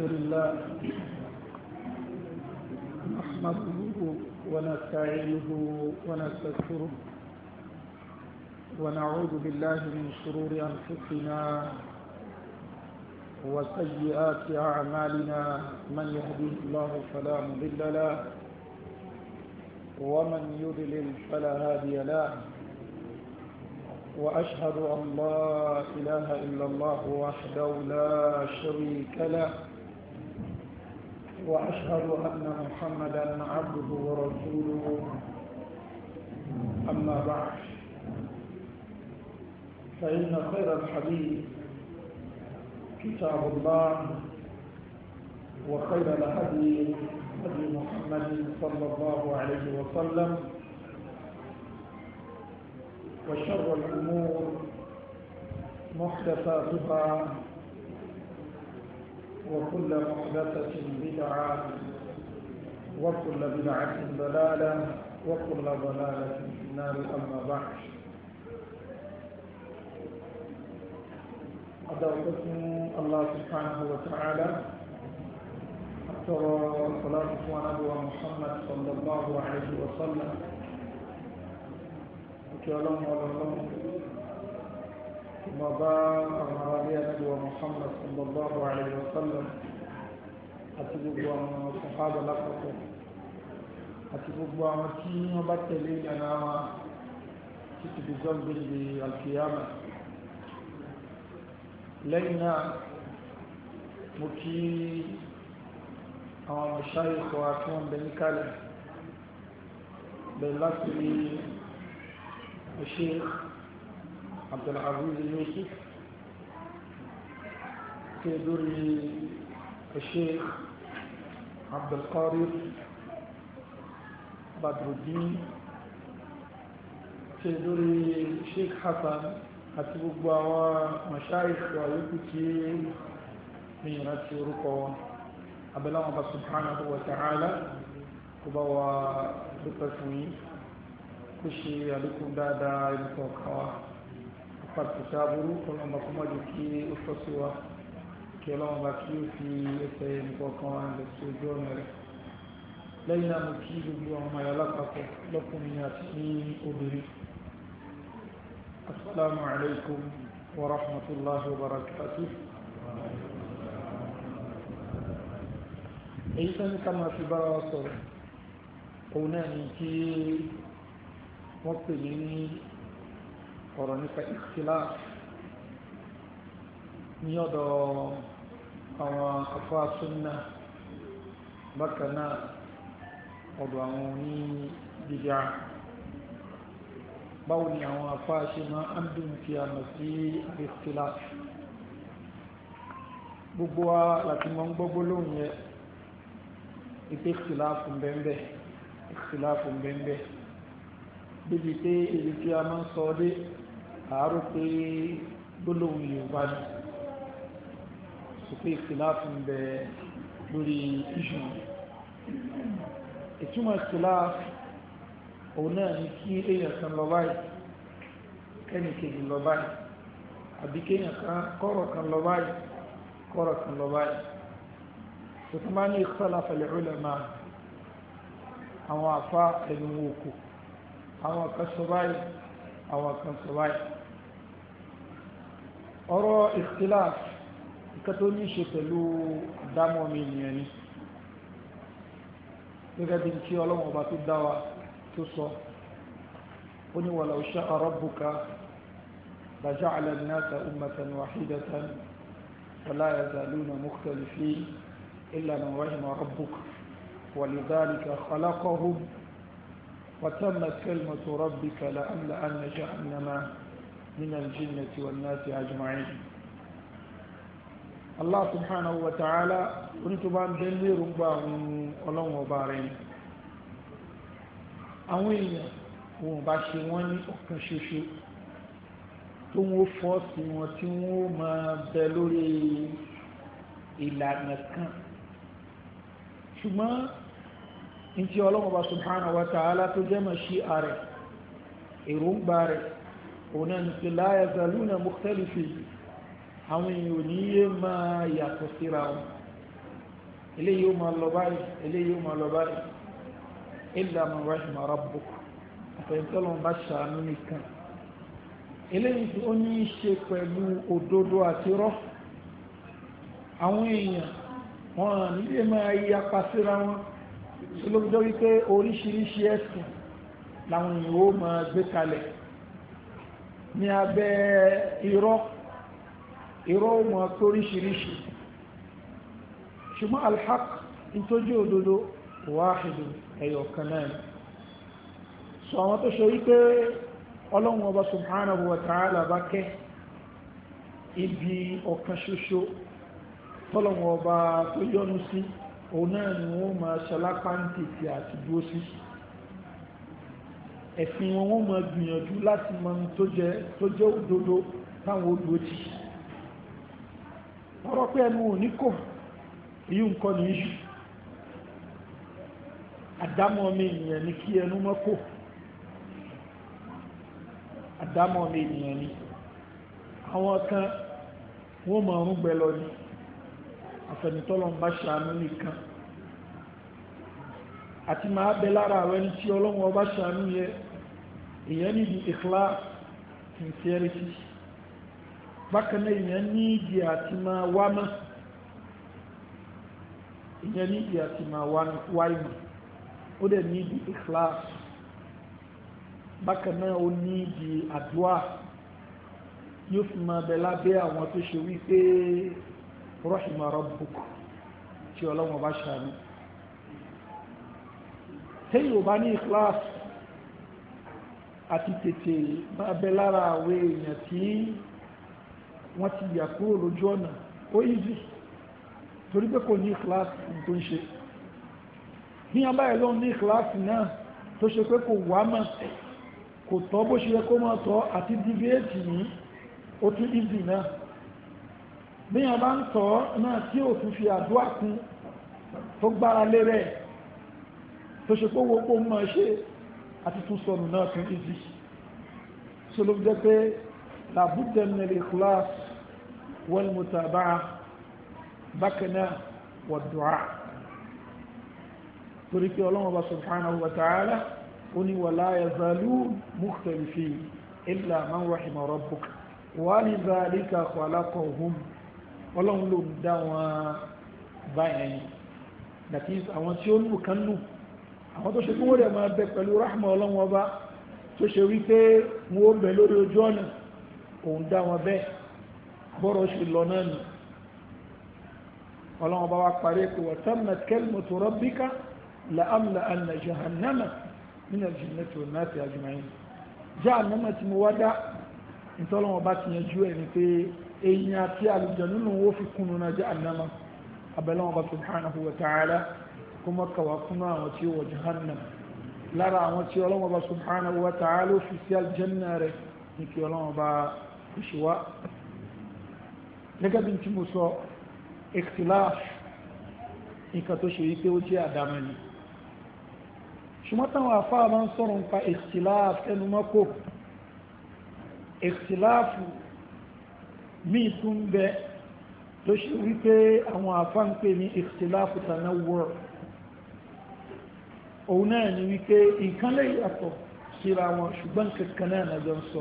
الحمد لله نحمده ونستعينه ونستغفره ونعوذ بالله من شرور أنفسنا وسيئات أعمالنا من يهديه الله فلا مضل له ومن يضلل فلا هادي له وأشهد أن لا إله إلا الله وحده لا شريك له وأشهد أن محمدا عبده ورسوله أما بعد فإن خير الحديث كتاب الله وخير الهدي هدي محمد صلى الله عليه وسلم وشر الأمور محدثاتها وكل محدثة بدعة وكل بدعة ضلالة وكل ضلالة في النار أما بعد أدعوكم الله سبحانه وتعالى أكثر صلاة ونبوة محمد صلى الله عليه وسلم وكلام الله ثم باء على نبي محمد صلى الله عليه وسلم àti gbogbo àwọn sàhábà lápapọ̀ àti gbogbo àwọn tí wọ́n bá tẹ̀lé ìlànà wa títí di zọ́gbìnlẹ̀ alkiyama lẹ́yìn náà mo kí àwọn mọ̀ṣáyé kọ́ àti wọn bẹ̀rẹ̀ kalẹ̀ bẹ̀rẹ̀ láti rí ọ̀ṣẹ́ عبد العزيز yusuf تدري الشيخ عبد القادر بدر الدين تدري الشيخ حسن حسب ومشايخ ويكتي من رأسي رقوة أبلا الله سبحانه وتعالى كبوا بقسمي كشي لكم دادا يمتوقعوا pàtàkì sáàbùrú ọlọ́mọ kó má jù kí ó tọ́ sí wa kí ọlọ́mọ bá kí ó fi ẹsẹ̀ nìkọ̀ọ̀kan wa lọ sí ojú ọ̀nà rẹ̀ lẹ́yìn náà mo kí gbogbo àwọn ọmọ ayọ̀ lápapọ̀ lọ́kùnrin àti ní obìnrin asalaamu alaykum wa rahmatulahi wa barakatuh. èyí tó ní ká fi bára wa sọ̀rọ̀ òun náà ní wọ́n pè ní ọ̀rọ̀ nípa ìkìlá ní ọ̀dọ̀ àwọn afọ́ súnnà bákan náà ọ̀dọ̀ àwọn oní bídíà báwo ni àwọn afọ́ ṣe máa ń dùn fi àmọ̀ sí ìkìlá gbogbo wa láti mọ̀ ń gbogbo lóhùn yẹ ìpè ìkìlá bẹ́ẹ̀ bẹ́ẹ̀ bẹ́ẹ̀ bẹ́ẹ̀ débi pé èyí tí a máa ń sọ dé àárò pé gbólóhùn yorùbá ni sùpé ìkìláàfù ń bẹ lórí iṣu ìtumọ̀ ìkìláàfù òun náà ni kí èèyàn kan lọ báyìí kẹ́nì kejì lọ báyìí àbí kéèyàn kan kọ́rọ̀ kan lọ báyìí kọ́rọ̀ kan lọ báyìí tuntun máa ní ikhtalafa al-ulama àwọn àfa ẹnu wò àwọn kan sọ báyìí àwọn kan sọ báyìí ọ̀rọ̀ ikhtilaf nǹkan tó ní ṣe pẹ̀lú àdámọ́ mi nìyẹn ni gẹ́gẹ́ bí tí ọlọ́run ọba tó dá wa tó sọ ó ní walau sha'a rabbuka laja'ala an-nasa ummatan wahidatan wala yazaluna mukhtalifin illa man rahima rabbuk ولذلك خلقهم وتمت كلمة ربك لأملأن من الجنة والناس أجمعين الله سبحانه وتعالى كنت بان بني ربا ولون وبارين àwọn èèyàn wọn ò bá ṣe wọn ní ọ̀kan ṣoṣo tó wọn fọ́ọ̀sì wọn tí wọn ó máa bẹ lórí ìlànà kan ṣùgbọ́n ní ti ọlọ́mọba subhanahu wa ta'ala tó jẹ́ mọ̀ sí ààrẹ èròǹgbà rẹ̀ òun náà ní pé láyà zalúnà mọ́tẹ́lifì àwọn èèyàn ò ní yé máa yàtọ̀ síra wọn eléyìí ó máa lọ báyìí eléyìí ó máa lọ báyìí ilà máa wá ìmọ̀ ara bò àfẹnitọ́lọ́ bá ṣàánú nìkan eléyìí tí ó ní í ṣe pẹ̀lú òdodo àti rọ́ àwọn èèyàn wọn nílé máa yí apá síra wọn tó wípé oríṣiríṣi ẹ̀sìn làwọn èèyàn ó máa gbé kalẹ̀ ní abẹ́ irọ́ irọ́ ọmọ oríṣiríṣi ṣùgbọ́n alhaq ìtọ́jú òdodo wáhìdù ẹ̀yọ̀ kan náà ni sọ àwọn tó ṣe wípé ọlọ́run ọba subhanahu wa ta'ala bá kẹ́ ibi ọ̀kan ṣoṣo tọ́lọ́run ọba tó yọ́nú sí òun náà ni wọ́n máa ṣalápáǹtì àti dúró sí sí ẹ̀sìn wọn wọ́n máa gbìyànjú láti mọ tó jẹ́ tó jẹ́ òdodo táwọn olóòtì ọ̀rọ̀ pé ẹnu ò ní kò èyí nǹkan ní iṣu àdámọ́ mi ènìyàn ni kí ẹnu mọ́ kò àdámọ́ mi ènìyàn ni àwọn kan wọ́n máa ń gbẹ lọ ní àfẹnitọ́lọ́ ń bá ṣàánú nìkan àti máa bẹ lára àwọn ẹni tí ọlọ́run ọba ṣàánú yẹ èèyàn níbi ìkhlá sincerity bákan náà èèyàn ní ìdí àti máa wá mọ́ èèyàn ní ìdí àti máa wá ìmọ̀ ó dẹ̀ ní ìdí ìkhlá bákan ó ní ìdí àdúrà yóò fi máa bẹ lábẹ́ àwọn tó ṣe wípé rọ́ṣìmọ̀ rabbuk tí ọlọ́run ọba ṣàánú tẹ́yìn ò bá ní ìkíláàsì àti tètè máa bẹ lára àwọn èèyàn tí wọ́n ti yà kúrò lójú ọ̀nà ó yíjì torí pé kò ní ìkíláàsì tó ń ṣe ní abáyé ló ń ní ìkíláàsì náà tó ṣe pé kò wá mọ̀ kò tọ́ bó ṣe yẹ kó mọ̀ tọ́ àti dìbéètì yìí ó tún yíjì náà bí wọn ń tọ́ náà tí ò fi àdúrà kún tó gbára lé rẹ̀ tó ṣe pé gbogbo máa ṣe àti tún sọnù náà tún ìzì so ló jẹ́ pé làbújẹ́ nílẹ̀ ikhlas wal mutaba'a bákan náà wà du'a torí pé ọlọ́run bá subhanahu wa ta'ala ó ní wala yazalun mukhtalifin illa man rahima àwọn tó ṣe kí wọ́n rẹ̀ máa bẹ pẹ̀lú rahma ọlọ́wọ́n ọba tó ṣe wípé wọ́n bẹ lórí ojú ọ̀nà òun dá wọn bẹ́ẹ̀ bọ́rọ̀ ṣe lọ náà nù ọlọ́wọ́n bá wá parí pé wọ́n tán na kalimatu rabbika la amla anna jahannama min al-jinnati wan nasi ajma'in jahannama tí mo wá dá ìtọ́lọ́wọ́n bá ti yanjú ẹ̀ ni pé èyí àti àlùjọ nínú wọ́n fi kúnnú náà jahannama abẹ́lẹ́wọ̀n bá subhanahu wa ta'ala kó má kà wá fún àwọn tí ó wọ jahannam lára àwọn tí ọlọ́wọ́n bá subhanahu wa ta'ala fi sí aljanna rẹ̀ ní kí ọlọ́wọ́n bá kò ṣe wá. gẹ́gẹ́ bí tí mo sọ ikhtilaf nǹkan tó ṣe wípé ó jẹ́ àdámọ́ ni ṣùgbọ́n táwọn afáà máa ń sọ̀rọ̀ ikhtilaf ẹnu mọ́kò ikhtilaf míì tún bẹ tó ṣe wípé àwọn afáà ń pè ní òun náà ni wípé nǹkan lè yàtọ̀ síra wọn ṣùgbọ́n kankan náà nàjọ ń sọ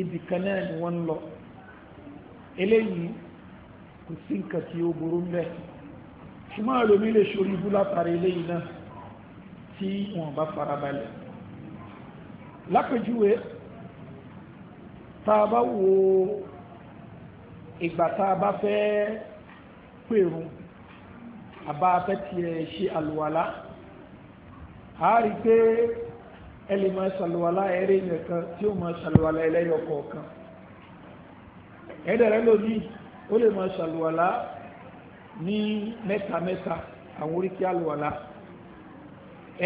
ibì kan náà ni wọ́n ń lọ eléyìí kò sí nǹkan tí ó burú ń bẹ̀ ṣùgbọ́n àlòmí lè ṣorí ibú látàrí eléyìí náà tí wọ́n bá farabalẹ̀ lápèjúwe tá a bá wo ìgbà tá a bá fẹ́ pèrún àbá afẹ́ ṣe àlùwàlá a rí i pé ẹlẹ́ máa ṣàlùwàlá ẹ̀rẹ́ yẹn kan tí ó máa ṣàlùwàlá ẹlẹ́yọ kọ̀ọ̀kan ẹ̀dẹ̀rẹ́ lónìí ó lè máa ṣàlùwàlá ní mẹ́ta mẹ́ta àwọn oríkì àlùwàlá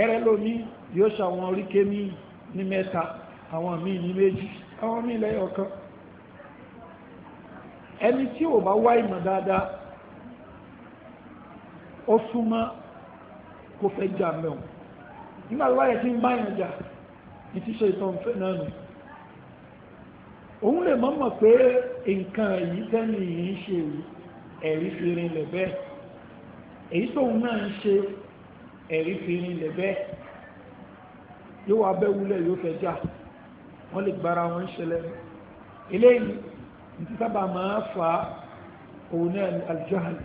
ẹ̀rẹ́ lónìí yóò ṣàwọn oríkè míì ní mẹ́ta àwọn míì ní méjì àwọn míì lẹ́yọ kan ẹni tí ò bá wá ìmọ̀ dáadáa ó súnmọ́ kó fẹ́ jà mẹ́wọ̀n nígbà tó wáyé tí ń bá yànjà ìtí ṣe ìtàn fẹ́ náà nù òun lè mọ́mọ̀ pé nǹkan èyí tẹ́lẹ̀ yìí ń ṣe ẹ̀rí fi rinlẹ̀ bẹ́ẹ̀ èyí tóun náà ń ṣe ẹ̀rí fi rinlẹ̀ bẹ́ẹ̀ yóò wá bẹ́ wúlẹ̀ yóò fẹ́ jà wọ́n lè gbára wọn ṣẹlẹ̀ eléyìí nti sábà máa fa òun náà aljahal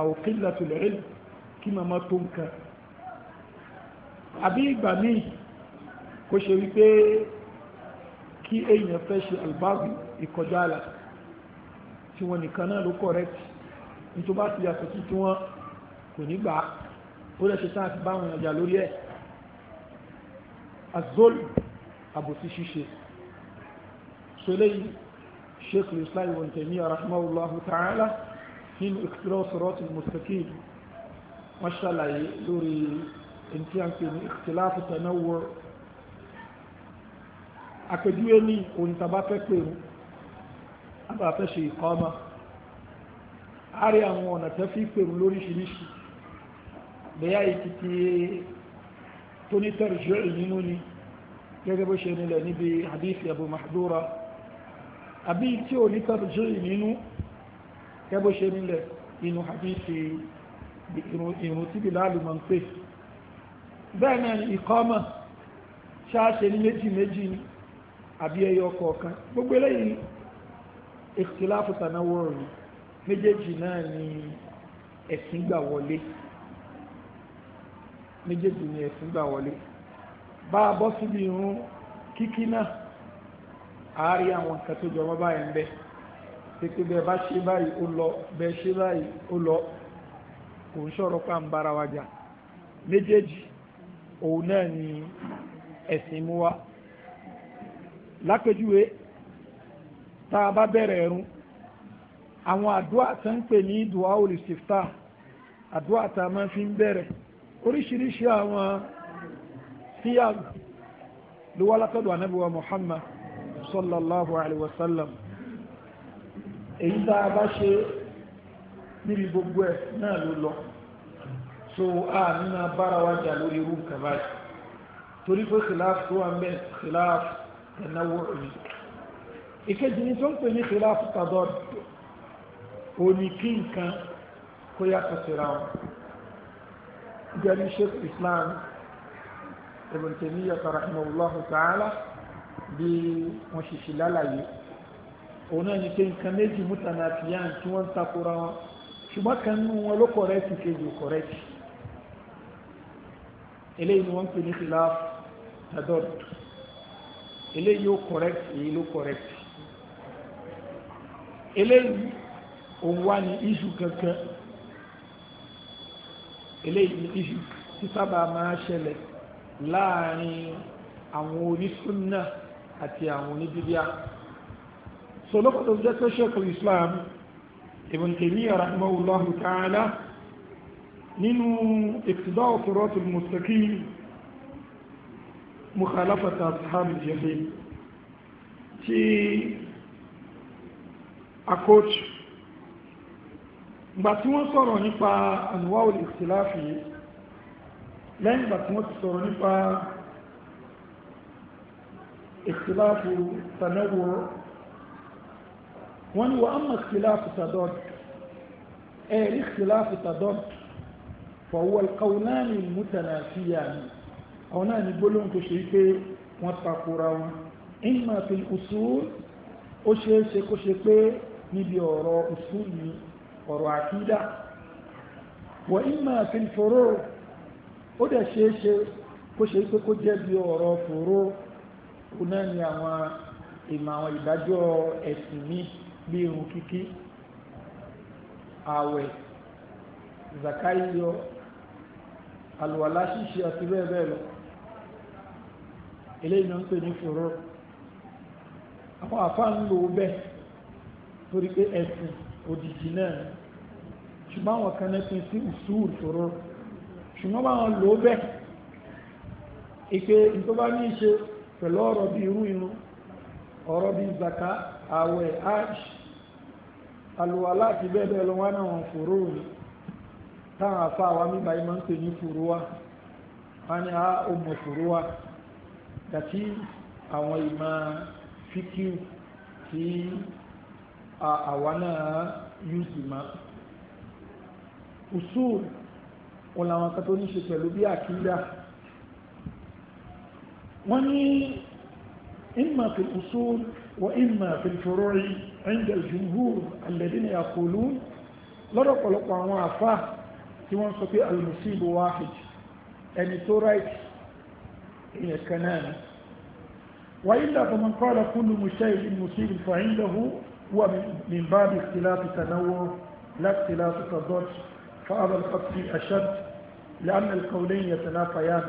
aw qillatul ilm kí màmá tó nǹkan àbí ìgbà míì kò ṣe wípé kí èèyàn fẹ́ ṣe albáàbì ìkọjá àlà tí wọn nìkan náà ló kọ̀rẹ́tì nítorí bá ti yàtọ̀ sí tí wọn kò ní gbà á ó lè ṣe tán àti bá àwọn ìrìnàjà lórí ẹ̀ azol àbòsí ṣíṣe so eléyìí sheikh islam ibn taymiyyah rahimahullahu ta'ala nínú iqtira siratul mustaqim wọ́n ṣàlàyé lórí ntí a ń pè ní ìtìláàfù tẹ̀náwó àpèjúwe ní onítàbá fẹ́ pèrú àbá fẹ́ ṣe ìkọ́mà a rí àwọn ọ̀nà tẹ́ fi pèrú lóríṣiríṣi bẹ́yà ìtìtì tónítẹ̀rì ṣe nínú ni gẹ́gẹ́ bó ṣe nílẹ̀ níbi hadith Abu Mahdura àbí tí onítẹ̀rì ṣe nínú gẹ́gẹ́ bó ṣe nílẹ̀ inú hadith ìrùn tí Bilal máa ń pè é bẹ́ẹ̀ náà ìkọ́mọ̀ ṣáṣe ní méjì méjì ni àbí ẹyọ kọ̀ọ̀kan gbogbo eléyìí ìtìláfù tànáwọ̀rì méjèèjì náà ni ẹ̀sìn gbà wọlé méjèèjì ni ẹ̀sìn gbà wọlé bá a bọ́ síbi irun kíkí náà àárí àwọn nǹkan tó jọmọ́ báyìí ń bẹ pépé bẹ́ẹ̀ bá ṣe báyìí ó lọ bẹ́ẹ̀ ṣe báyìí ó lọ kò ń ṣọ̀rọ̀ pa ń méjèèjì òun náà ni ẹ̀sìn mú wa lápèjúwe tá a bá bẹ̀rẹ̀ ẹ̀rún àwọn àdúrà tó ń pè ní dùwà olùsìftà àdúrà tá a máa fi ń bẹ̀rẹ̀ oríṣiríṣi àwọn síyàgù ló wá látọ̀dọ̀ anábìwá Muhammad sallallahu alayhi wa sallam èyí tá a bá ṣe níbi gbogbo ẹ̀ náà ló lọ so a nínú abára wa jà lórí irú nǹkan báyìí torí pé khilaf tó wà ń bẹ khilaf tẹnáwó òní ìkejì ní tó ń pè ní khilaf tàdọ́ òní kí nǹkan kó yàtọ̀ síra wọn jẹ́rìí sheikh islam ibn Taymiyyah rahimahullahu ta'ala bí wọ́n ṣe ṣe lálàyé òun náà ni pé nǹkan méjì mútànà àtìyá tí wọ́n ń takora kan nínú wọn ló kọ̀rẹ́tì kejì kọ̀rẹ́tì eléyìí ni wọ́n pè ní khilaf tadọ́d eléyìí ó correct èyí ló correct eléyìí òun wá ní issue kankan eléyìí ní issue tí sábà máa ṣẹlẹ̀ láàrin àwọn onísúnnà àti àwọn oníbíbíà so lọ́kọ̀tọ̀ jẹ́ pé Islam Ibn Taymiyyah rahimahullahu ta'ala nínú ìtìdá òfúrọ́tù mùsùlùmí mùkàláfàtà sáàbì jẹ́lẹ̀ tí akóòtù gbà tí wọ́n sọ̀rọ̀ nípa àníwáwòlì ìtìláfì lẹ́yìn gbà tí wọ́n ti sọ̀rọ̀ nípa ìtìláfì tànẹ́wò wọ́n ni wọ́n á mọ̀ ìtìláfì tàdọ́dù ẹ̀rí ìtìláfì tàdọ́dù fọwọ́ kaunáàni mutanafiyani àwọn náà ni gbólóhùn tó ṣe pé wọ́n takora wọn imma fil usul ó ṣe é ṣe kó ṣe pé níbi ọ̀rọ̀ usul ni ọ̀rọ̀ àkídà wa imma fil furu ó dẹ̀ ṣe é ṣe kó ṣe pé kó jẹ́ bí ọ̀rọ̀ furu náà ni àwọn ìmọ̀ àwọn ìdájọ́ ẹ̀sìn mi bí irun kíkí ààwẹ̀ zakaiyo àlùwàlá ṣíṣe àti bẹ́ẹ̀ bẹ́ẹ̀ lọ eléyìí náà ń pè ní fòró àwọn àfáà ń lò ó bẹ́ẹ̀ torí pé ẹ̀sìn òdìjì náà ṣùgbọ́n àwọn kan náà pín sí ìṣúr fòró ṣùgbọ́n báwọn lò ó bẹ́ẹ̀ ìpè tó bá ní í ṣe pẹ̀lú ọ̀rọ̀ bí irú irun ọ̀rọ̀ bí zaka àwẹ̀ ash àlùwàlá àti bẹ́ẹ̀ bẹ́ẹ̀ lọ wá náà wọn fòró ni táwọn afá wa mí báyìí máa ń pè ní fúruwá wọn ni a ó mọ fúruwá gàtí àwọn ìmọ̀ fíkíù tí àwa náà yúùsì máa usul wọn làwọn kan tó ní ṣe pẹ̀lú bí àkídà wọ́n ní imma fi usul wa imma fi fúruwá inda al-jumhur alladhina yaqulun lọ́dọ̀ àwọn afá tí wọ́n sọ pé almusibu wahid ẹni tó right وإلا فمن قال كل مشاهد مصيب فعنده هو من باب اختلاف تنوع لا اختلاف تضاد فأبى القتل أشد لأن القولين يتنافيان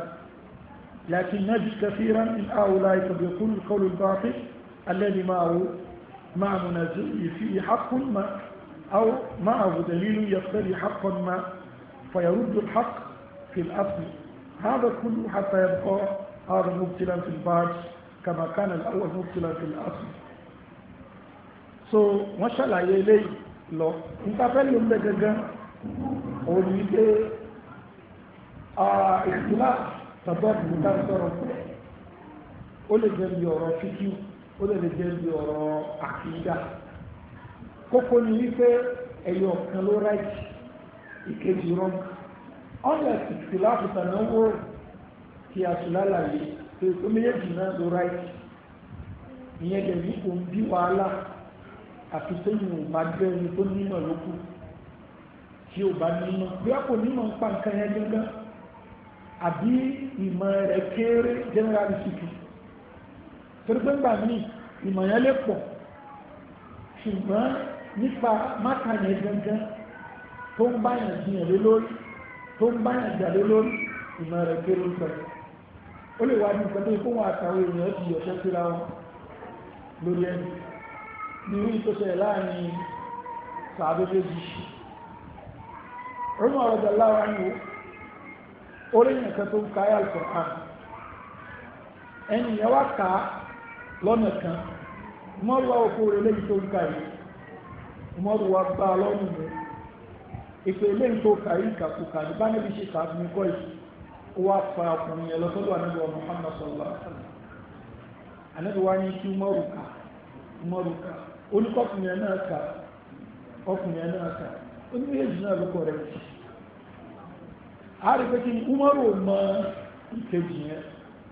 لكن نجد كثيرا من هؤلاء قد يكون القول الباطل الذي معه مع منازله فيه حق ما أو معه دليل يقتضي حقا ما فيرد الحق في الأصل هذا كله حتى يبقى هذا مبتلا في البعض كما كان الأول مبتلا في الأصل so wọ́n ṣàlàyé eléyìí lọ nítafẹ́ ló ń bẹ gangan òun ní pé ìtura tàbọ́ọ̀bù níta sọ̀rọ̀ ó lè jẹ́ bí ọ̀rọ̀ fíkíù ó lè jẹ́ bí ọ̀rọ̀ àkídà kókó ni wípé ẹ̀yọ̀ kan ló ráìtì ìkejì rọ ọ̀nà ìtìtì láti tànáwó kí a tún lálàyé pé ó méjèèjì náà ló ráìtì ìyẹn dẹ̀ ní kò ń bí wàhálà àti sẹ́yìn ò bá jẹ́ ẹni tó nímọ̀ lókù tí ò bá nímọ̀ bí a kò nímọ̀ ń pa nǹkan yẹn gángan àbí ìmọ̀ rẹ̀ kéré general institute torí pé ńgbà míì ìmọ̀ yẹn lè pọ̀ ṣùgbọ́n nípa mákà yẹn gángan tó ń báyàn jiyàn lé lórí tó ń báyàn jà lé lórí ìmọ̀ rẹ̀ kéré ń pẹ̀lú ó lè wá ní nǹkan tó yẹ kó wọn àtàwọn èèyàn ti yọ̀ṣẹ́ síra wọn lórí ẹni ní orí tó ṣẹlẹ̀ láàrin sàbẹ́bẹ́jì ọmọ ọ̀rọ̀dà láwọn àyíwò oríyìn kan tó ń ka ayà al-Qur'an ẹnìyàn wá ká lọ́nà kan mọ́rùwá òkú rẹ̀ lẹ́yìn tó ń ka yìí mọ́rùwá gbá lọ́nà rẹ̀ ìpè eléyìí tó kà yìí kàkùkà ní bánẹ́bí ṣe kà ní kọ́ wa Muhammad sallallahu alaihi wasallam ní kí umaru kà umaru oníkọ́kùnrin náà kà ọkùnrin náà kà oníyèjì náà lókọ̀ rẹ̀ jì á rí pé umaru ò mọ ìkejì yẹn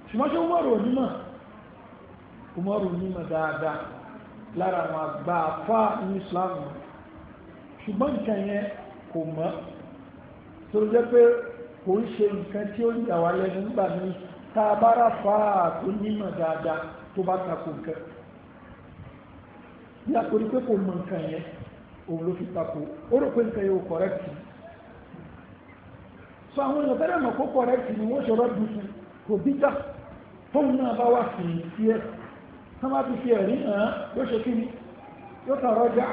ṣùgbọ́n ṣé umaru ò umaru ní dáadáa lára àwọn àgbà afá ní kò mọ́ tó jẹ́ pé kò ń ṣe nǹkan tí ó ń yà wá lẹ́nu nígbà míì tá a bá rà fà á nímọ̀ dáadáa tó bá takò nǹkan bí a pé kò mọ nǹkan yẹn òun ló fi takò ó rò pé nǹkan yẹn ò kọ̀rẹ́kì so àwọn èèyàn fẹ́rẹ̀ mọ̀ kó kọ̀rẹ́kì ni wọ́n ṣọ̀rọ̀ dùn fún kò bí gbà tóun náà bá wà sí sí ẹ̀ tó má fi fi ẹ̀rí hàn yóò ṣe kí ni yóò tààrọ̀ já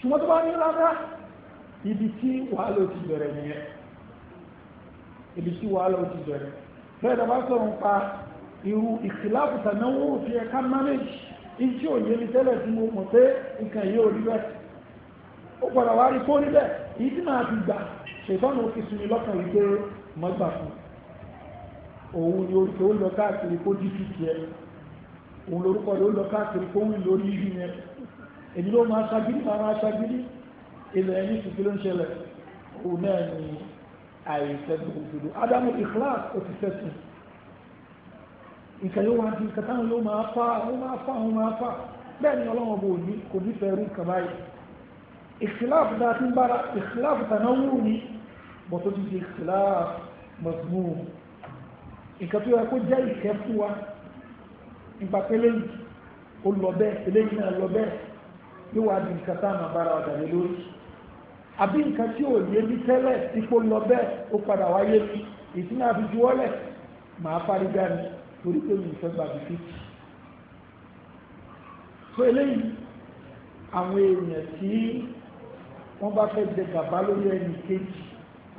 ṣùgbọ́n tó bá ní rárá ibi tí wàhálà ti bẹ̀rẹ̀ nìyẹn ibi tí wàhálà ti bẹ̀rẹ̀ bẹ́ẹ̀ dàbá sọ̀rọ̀ pa irú ìkìláàfù tànáwó fi ẹ̀ka manage iṣẹ́ tí ò yé mi tẹ́lẹ̀ tí mo mọ̀ pé nǹkan yìí ò rí bẹ́ẹ̀ ó padà wá rí fóònù bẹ́ẹ̀ èyí èdè ló máa ṣagídí máa máa ṣagídí ilẹ̀ ẹ̀yìn tuntun ló ń ṣẹlẹ̀ òun náà ni àìsẹ́gun òdodo ádámù ìkíláàs ó ti sẹ́sìn nǹkan yóò wá di nǹkan táwọn yóò máa fà ó máa fà ó máa fà bẹ́ẹ̀ ni ọlọ́run bò ní kò ní fẹ́ rú nǹkan báyìí ìkíláàf dáa ti ń bára ìkíláàf tàná wù ní bọ́tọ́ ti di ìkíláàf mọ̀tún nǹkan tó jẹ́ ìkẹ́ fún wa nípa pé ó lọ bẹ́ẹ̀ eléyìí náà lọ bẹ́ẹ̀ yóò wá di nǹkan tá a máa bára ọ̀dà lé lórí àbí nǹkan tí ò yé mi tẹ́lẹ̀ ipò lọ bẹ́ẹ̀ ó padà wáyé mi ìtúná àfi juwọ́lẹ̀ màá fárígá mi torí pé mi ìfẹ́ gbàgbé fífi so eléyìí àwọn èèyàn tí wọ́n bá fẹ́ jẹ gàba lórí ẹni kejì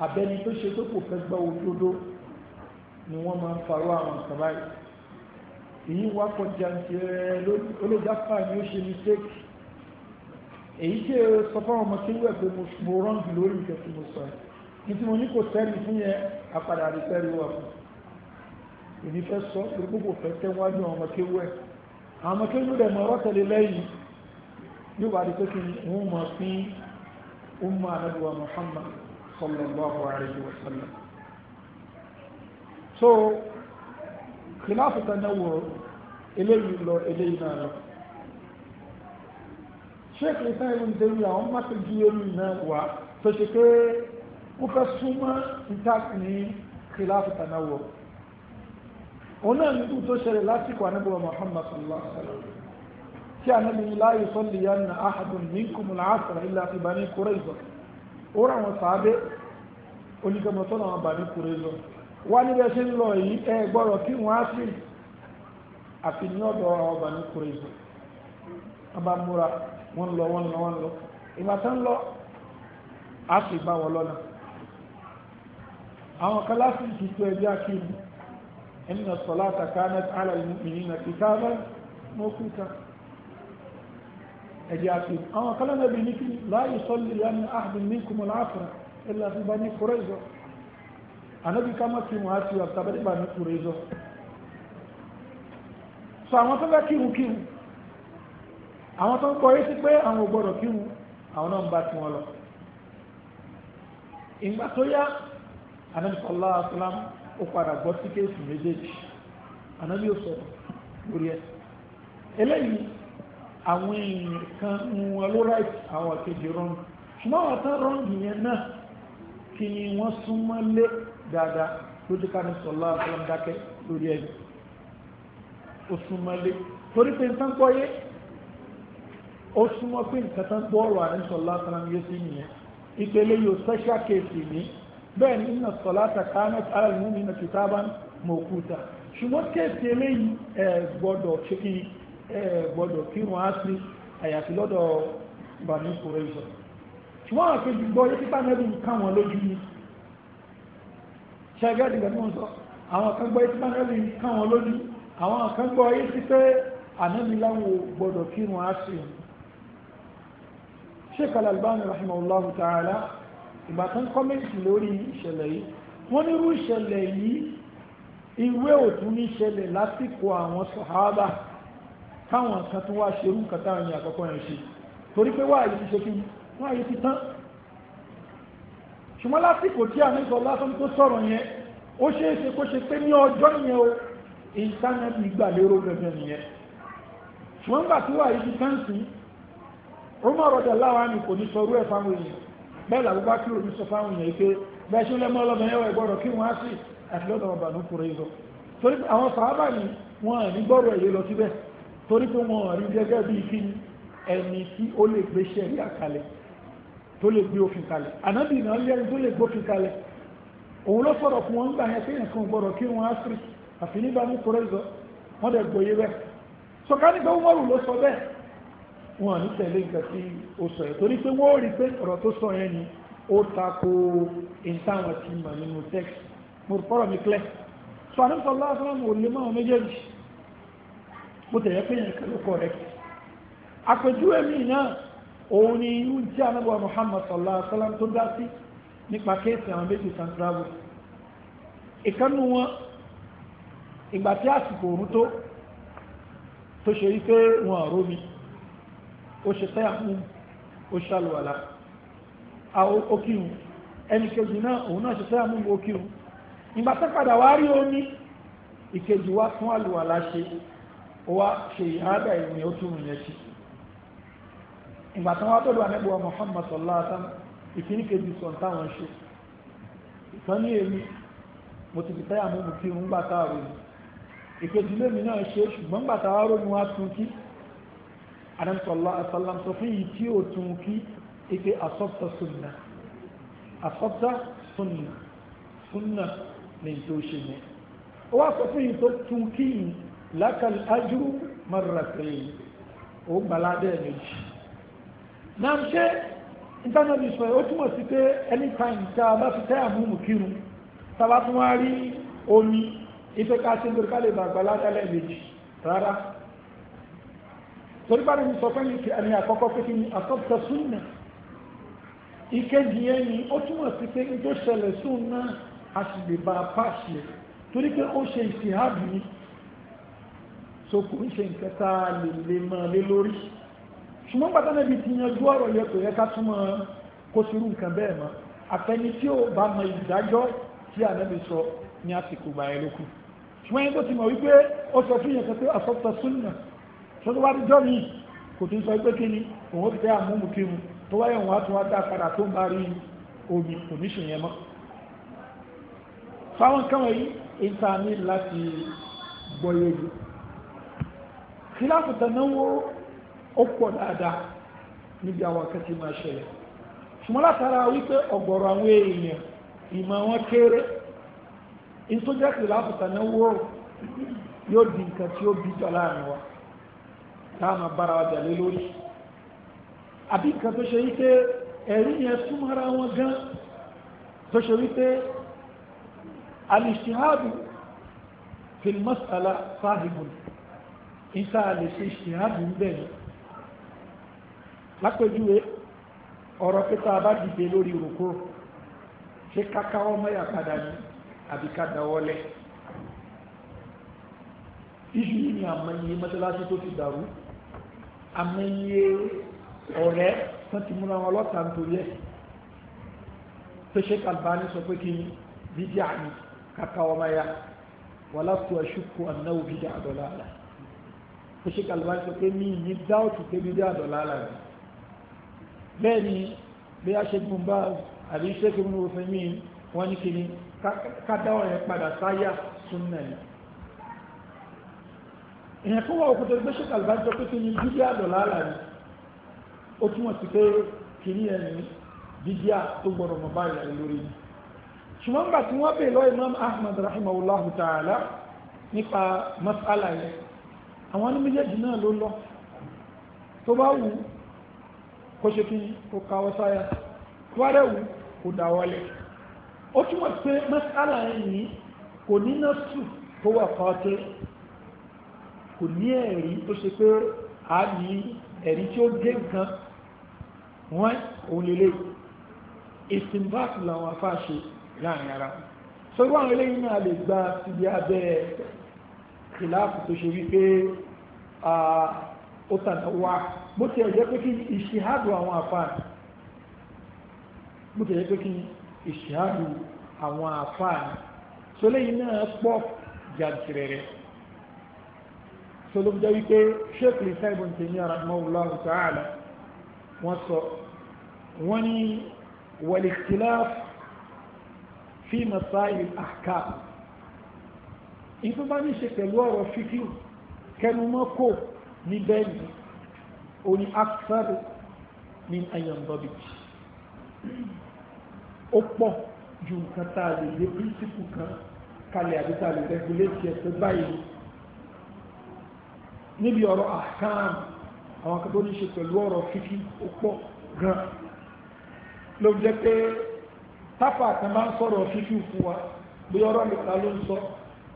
abẹ́ni tó ṣe tó kò fẹ́ gbọ́ òdodo ni wọ́n máa ń farọ́ àwọn nǹkan èyí wá kọjá ń tiẹ̀ lórí olójáfà ni ó ṣe mistake èyí tí ó sọ fún ọmọ tí ó wẹ̀ pé mo rán jù lórí ìfẹ́ tí mo sọ ní tí mo ní kò tẹ́rì fún yẹn apadà rí tẹ́rì wà fún èmi fẹ́ sọ pé gbogbo fẹ́ tẹ́wájú ọmọ tí ó wẹ̀ àwọn ọmọ tí ó rẹ̀ mọ́ rọ́tẹ̀lẹ̀ lẹ́yìn yóò bá di pé kí wọ́n mọ̀ sí umma anabiwa Muhammad sallallahu alayhi wa sallam so kìláàfù tanawo eléyìí lọ eléyìí náà lọ sheikh lisan ibn de àwọn mọ́tẹ́jú ẹlú iná wà tó ṣe nke wọ́n fẹ́ súnmọ́ intact ní kìláàfù tànáwọ̀ òun náà ní tó ṣẹlẹ̀ lásìkò anábọ̀ muhammad sallallahu alaihi wa sallam tí anábì la yusalliyanna ahadun minkumul asra illa fi bani qurayza ó rà wọn sàábé oníkàmọ́tọ́ náà bani qurayza wá níbẹ̀ ṣe ń lọ yìí ẹ gbọ́dọ̀ bani wọ́n lọ wọ́n lọ wọ́n lọ ìgbà tó ń lọ á sì bá wọn lọ́nà àwọn kan láti tutù ẹjẹ́ akéwì inna salata kanat ala al-mu'minina kitaban mawquta ẹjẹ́ akéwì àwọn kan lọ́nà bí nìkí la yusalli yanni ahadun minkum al-asra illa fi bani qurayza anabi kama kí wọn á ti wà tàbí bani qurayza sọ àwọn tó bá kírun kírun àwọn tó ń kọrí sí pé àwọn ò gbọ́dọ̀ kírun àwọn náà ń bá tiwọn lọ ìgbà tó yá anabi sallallahu alaihi wasallam ó padà gbọ́ sí kéèsì méjèèjì anabi ò sọ̀rọ̀ lórí ẹ̀ eléyìí àwọn èèyàn kan ń wọn ló ráìtì àwọn àkejì rọrùn ṣùgbọ́n àwọn tán rọrùn yẹn náà kí ni wọ́n súnmọ́ lé dáadáa lójú káni sallallahu alaihi dákẹ́ lórí ẹ̀ ó súnmọ́ lé torí pé nǹkan gbọ́ yé ó súnmọ́ pé nǹkan tán gbọ́ ọ̀rọ̀ àrẹ sọ̀lá tán yóò sí nìyẹn ìpele yóò sẹ́ṣà kéèsì ní bẹ́ẹ̀ ni iná sọ̀lá takanat alal mu'minina kitaban mawquta ṣùgbọ́n kéèsì eléyìí ẹ̀ gbọ́dọ̀ ṣékin ẹ̀ gbọ́dọ̀ kírun á sí àyàfi lọ́dọ̀ bàmí kúrẹ́ ìṣọ̀ ṣùgbọ́n àwọn kejì gbọ́ yé pípa nẹ́bí nǹkan wọn lójú ni ṣẹ́gẹ́ dìgbà mọ́ sọ àwọn kan gbọ́ yé pípa nẹ́bí nǹkan wọn lójú àwọn kan gbọ́ yé sí pé ànábìláwò gbọ́dọ̀ kírun á sí òun sheikh al-albani rahimahullahu ta'ala ìgbà tán kọ́mẹ́ǹtì lórí ìṣẹ̀lẹ̀ yìí wọ́n nírú ìṣẹ̀lẹ̀ yìí ìwé òtún ní ṣẹlẹ̀ lásìkò àwọn sàhábà káwọn kan tó wá ṣerú nǹkan táwọn èèyàn àkọ́kọ́ yẹn ṣe torí pé wáyé ti ṣe kí wáyé ti tán ṣùgbọ́n lásìkò tí àníṣọ lásán tó sọ̀rọ̀ yẹn ó ṣe é ṣe kó ṣe pé ní ọjọ́ yẹn o ìtànà ìgbàlérò gẹ̀gẹ̀ nìyẹn ṣùgbọ́n gbà tí wáyé ti tán sí Umar radiyallahu anhu kò ní sọrú ẹ̀ fáwọn èèyàn bẹ́ẹ̀ làbúbá kí omi sọ fáwọn èèyàn pé bẹ́ẹ̀ ṣe lẹ́mọ́ ọlọ́mọ ẹ̀wọ̀ ẹ̀gbọ́dọ̀ kí wọ́n á sì àti lọ́dọ̀ ọba ní kúrẹ́ ìlọ torí àwọn sàábà ni wọ́n ní gbọ́rọ̀ èyí lọ síbẹ̀ torí pé wọ́n rí gẹ́gẹ́ bí kí ẹni tí ó lè gbé ṣẹ̀rí àkalẹ̀ tó lè gbé òfin kalẹ̀ ànábì náà lẹ́ni tó lè gbófin kalẹ̀ òun ló sọ̀rọ̀ fún wọn gbà yẹn pé nǹkan gbọ́dọ̀ kí wọ́n á sì àfi nígbà ní kúrẹ́ ìlọ wọ́n dẹ̀ gbòye bẹ́ẹ̀ sọ̀ká nígbà wọ́n rù ló sọ bẹ́ẹ̀ wọn ní tẹ̀lé nǹkan tí ó sọ yẹn torí pé wọ́n rí pé ọ̀rọ̀ tó sọ yẹn ni ó tako ìtàwọn ti mọ̀ nínú text mo fọ́rọ̀ mi clear so àdúgbò sọ lọ́wọ́ sọ́wọ́ mo lè mọ́ àwọn méjèèjì mo tẹ̀yẹ pé yẹn kẹ́lẹ́ correct àpèjúwe mi náà òun ni irú tí anábọ̀ Muhammad sallallahu alaihi wasallam tó dá sí nípa kéèsì àwọn méjì san travel ìkànnù wọn ìgbà tí àsìkò òun tó tó ṣe rí pé wọn àrómi ó ṣe tẹ́yàmú ó ṣàlùwàlá òkìrùn ẹnìkejì náà òun náà ṣe tẹ́yàmú òkìrùn ìgbà tó padà wá rí omi ìkejì wá tún àlùwàlá ṣe ó wá ṣe ìhádà ìrìn ó tún ìyẹn ṣe ìgbà tó wá tọ́lú ànẹ́bùwà Muhammad sallallahu alaihi wasallam ìkíní kejì sọ táwọn ṣe ìkan ní èmi mo ti fi tẹ́yàmú òkìrùn gbàtà àròyìn ìkejì lèmi náà ṣe ṣùgbọ́n gbàtà àròyìn wá tún kí anamsọ̀lá asọ́lá sọ fún yìí tí ó tún kí ike asọ́pta sunna asọ́pta sunna sunna ní tó ṣe ní ó wá sọ fún yìí tó tún kí yìí lákàl ajú marratayn ó gbaládé méjì náà ṣe ìtànàbí sọ ó túmọ̀ sí pé anytime tá a bá fi tẹ́ àmúmù kírun tá a bá tún wá rí omi ife ká ṣe ń ká lè bàgbà ládàlẹ́ méjì rárá torí bá mi sọ fún mi pé ẹni àkọ́kọ́ pé ni àtọ́tẹ súnmọ́ ìkejì yẹn ni ó túmọ̀ sí pé ní tó ṣẹlẹ̀ sún náà a sì lè bá a páàsì ẹ̀ torí pé ó ṣe ìsìnhábì ni so kò ń ṣe nǹkan tá a lè lè mọ̀ lé lórí ṣùgbọ́n pàtàkì ibi ti yanjú ọ̀rọ̀ yẹ kò yẹ ká túmọ̀ kó sírú nǹkan bẹ́ẹ̀ mọ́ àfẹni tí ó bá mọ ìdájọ́ tí ànábì sọ ní àsìkò gbà ẹ lókun ṣùgbọ́n yẹn tó ti mọ̀ wípé ó sọ fún yẹn kan pé àsọ̀tọ̀ tó tó bá ti jọ́ mi kò tún sọ pé kí ni òun ti fẹ́ àmúmu kí mu tó wáyé òun á tún wá dá padà tó ń bá rí omi kò ní ṣe yẹn mọ́ fáwọn kan wọ̀nyí ìta ní láti gbọ́yé jù kíláàsì tẹ̀náwó ó pọ̀ dáadáa níbi àwọn akẹ́tì máa ṣẹlẹ̀ ṣùgbọ́n látara wípé ọ̀gọ̀rọ̀ àwọn èèyàn ìmọ̀ wọn kéré ìtọ́jẹ́ kíláàsì tẹ̀náwó yóò di nǹkan tí ó bí jọ láàrin wa táàmà bára wa jà lé lórí àbí nǹkan tó ṣe wípé ẹ̀rí yẹn súnmọ́ ara wọn gan tó ṣe wípé alìṣíhádù fìlmọ́sàlá fáhìmùn ìta lè ṣe ìṣíhádù ń bẹ̀rẹ̀ lápẹjúwe ọ̀rọ̀ pípa bá dìde lórí rùkú ṣe káká ọmọ padà ní àbíkádà wọlé iṣu yìí ni àmọye mọ́tàláṣí tó ti dàrú àmọye ọ̀rẹ́ wọ́n ti múra wọn lọ́ta nítorí ẹ̀ tó ṣe kàlbáni sọ pé kí bídíà ni kàkà ọmọ ya wà látò ẹ̀ṣùkú ànáwó bídíà àdọ́lá àlà tó ṣe kàlbáni sọ pé mí ní dáòtù pé bídíà àdọ́lá àlà rẹ̀ bẹ́ẹ̀ ni bí a ṣe gùn bá àbí ṣé kí wọ́n fẹ́ mí wọ́n ní kí ni ká yẹn padà sáyà súnmọ́ èèyàn kan wà òkúta gbé ṣe kàlùbájọ pé kí ni bíbí àdọ̀ lára ni ó túmọ̀ sí pé kì ní ẹni bíbí à tó gbọ́dọ̀ mọ̀ báyìí rẹ̀ lórí ni ṣùgbọ́n gbà tí wọ́n bèèrè lọ́wọ́ Imam Ahmad rahimahullah ta'ala nípa mas'ala yẹn àwọn ní méjèèjì náà ló lọ tó bá wù kó ṣe kí kó káwọ́ sáyà tó bá wù kó dáwọ́lẹ̀ ó túmọ̀ sí pé mas'ala yẹn ní kò ní náà tó wà fọ́ọ́tẹ́ kò ní ẹ̀rí tó ṣe pé a ní ẹ̀rí tí ó gé nǹkan wọ́n òun lè lè istinbat làwọn afáṣe láàrin ara sọ́rọ̀ àwọn eléyìí náà lè gba síbi abẹ́ kìláàfù tó ṣe wípé ó tàn wá bó ti ẹ̀jẹ́ pé kí ìṣìhádùn àwọn àfáà bó ti ẹ̀jẹ́ pé kí ìṣìhádùn àwọn àfáà sọ́lẹ́yìn náà pọ̀ jàǹtìrẹrẹ so ló jẹ́ wípé sheikh lisa ibn taymiya rahimahullahu ta'ala wọ́n sọ wọ́n ní wal-ikhtilaf fi masail al-ahkam ìtò bá ní ṣe pẹ̀lú ọ̀rọ̀ fíkì kẹnu mọ́ kò ní bẹ́ẹ̀ni o ní akthar min ayanbabit ó pọ̀ ju nǹkan tá a lè lé píríncípù kan kalẹ̀ àbí tá a lè rẹ́gúlétì ẹ̀ báyìí níbi ọ̀rọ̀ ahkam àwọn akẹ́kọ̀ọ́ ní ṣe pẹ̀lú ọ̀rọ̀ fífí ó gan ló jẹ́ pé tápà kan bá ń sọ̀rọ̀ fífí fún wa bí ọ̀rọ̀ nìkan ló ń sọ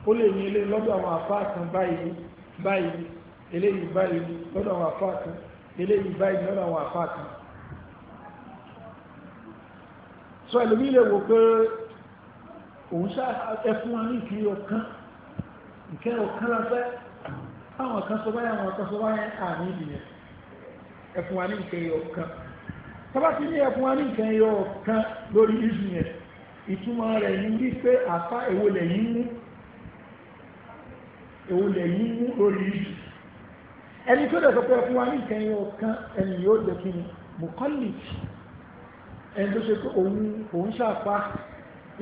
ó lè ní ilé lọ́dọ̀ àwọn àfá báyìí báyìí eléyìí báyìí lọ́dọ̀ àwọn àwọn kan sọ báyìí àwọn kan sọ báyìí àmì ìdìyẹn ẹ̀fún wa ní nǹkan ẹyọ kan tọ́ba ti ní ẹ̀fún wa ní nǹkan ẹyọ kan lórí ìdìyẹn ìtumọ̀ rẹ̀ ní wípé àpá èwo lẹ́yìn mú èwo lẹ́yìn mú lórí ìdìyẹn ẹni tó dẹ̀ sọ pé ẹ̀fún wa ní nǹkan ẹyọ kan ẹni yóò jẹ́ kí ni mùkọ́lìtì ẹni tó ṣe pé òun òun ṣàpá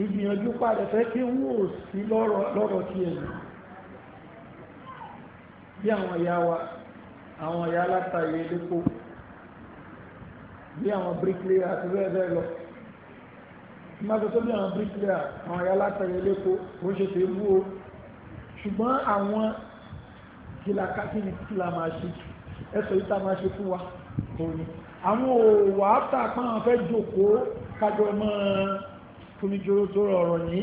ìgbìyànjú padà fẹ́ kí wọ́n ò sí lọ́rọ̀ tiẹ̀ nù bí àwọn ìyá wa àwọn ìyá alátaye elépo bí àwọn bricklayer àti bẹ́ẹ̀ bẹ́ẹ̀ lọ bí máa tọ́tọ́ bí àwọn bricklayer àwọn ìyá alátaye elépo ó ṣe tẹ́ mú o ṣùgbọ́n àwọn kìlàkátì ní kìlà máa ṣe ẹ̀sọ̀ yìí tá máa ṣe fún wa òní àwọn òwò áfà pọ́n àwọn fẹ́ jòkóó kájọ ẹ máa fúnmi jòrò tó rọrọ̀ ní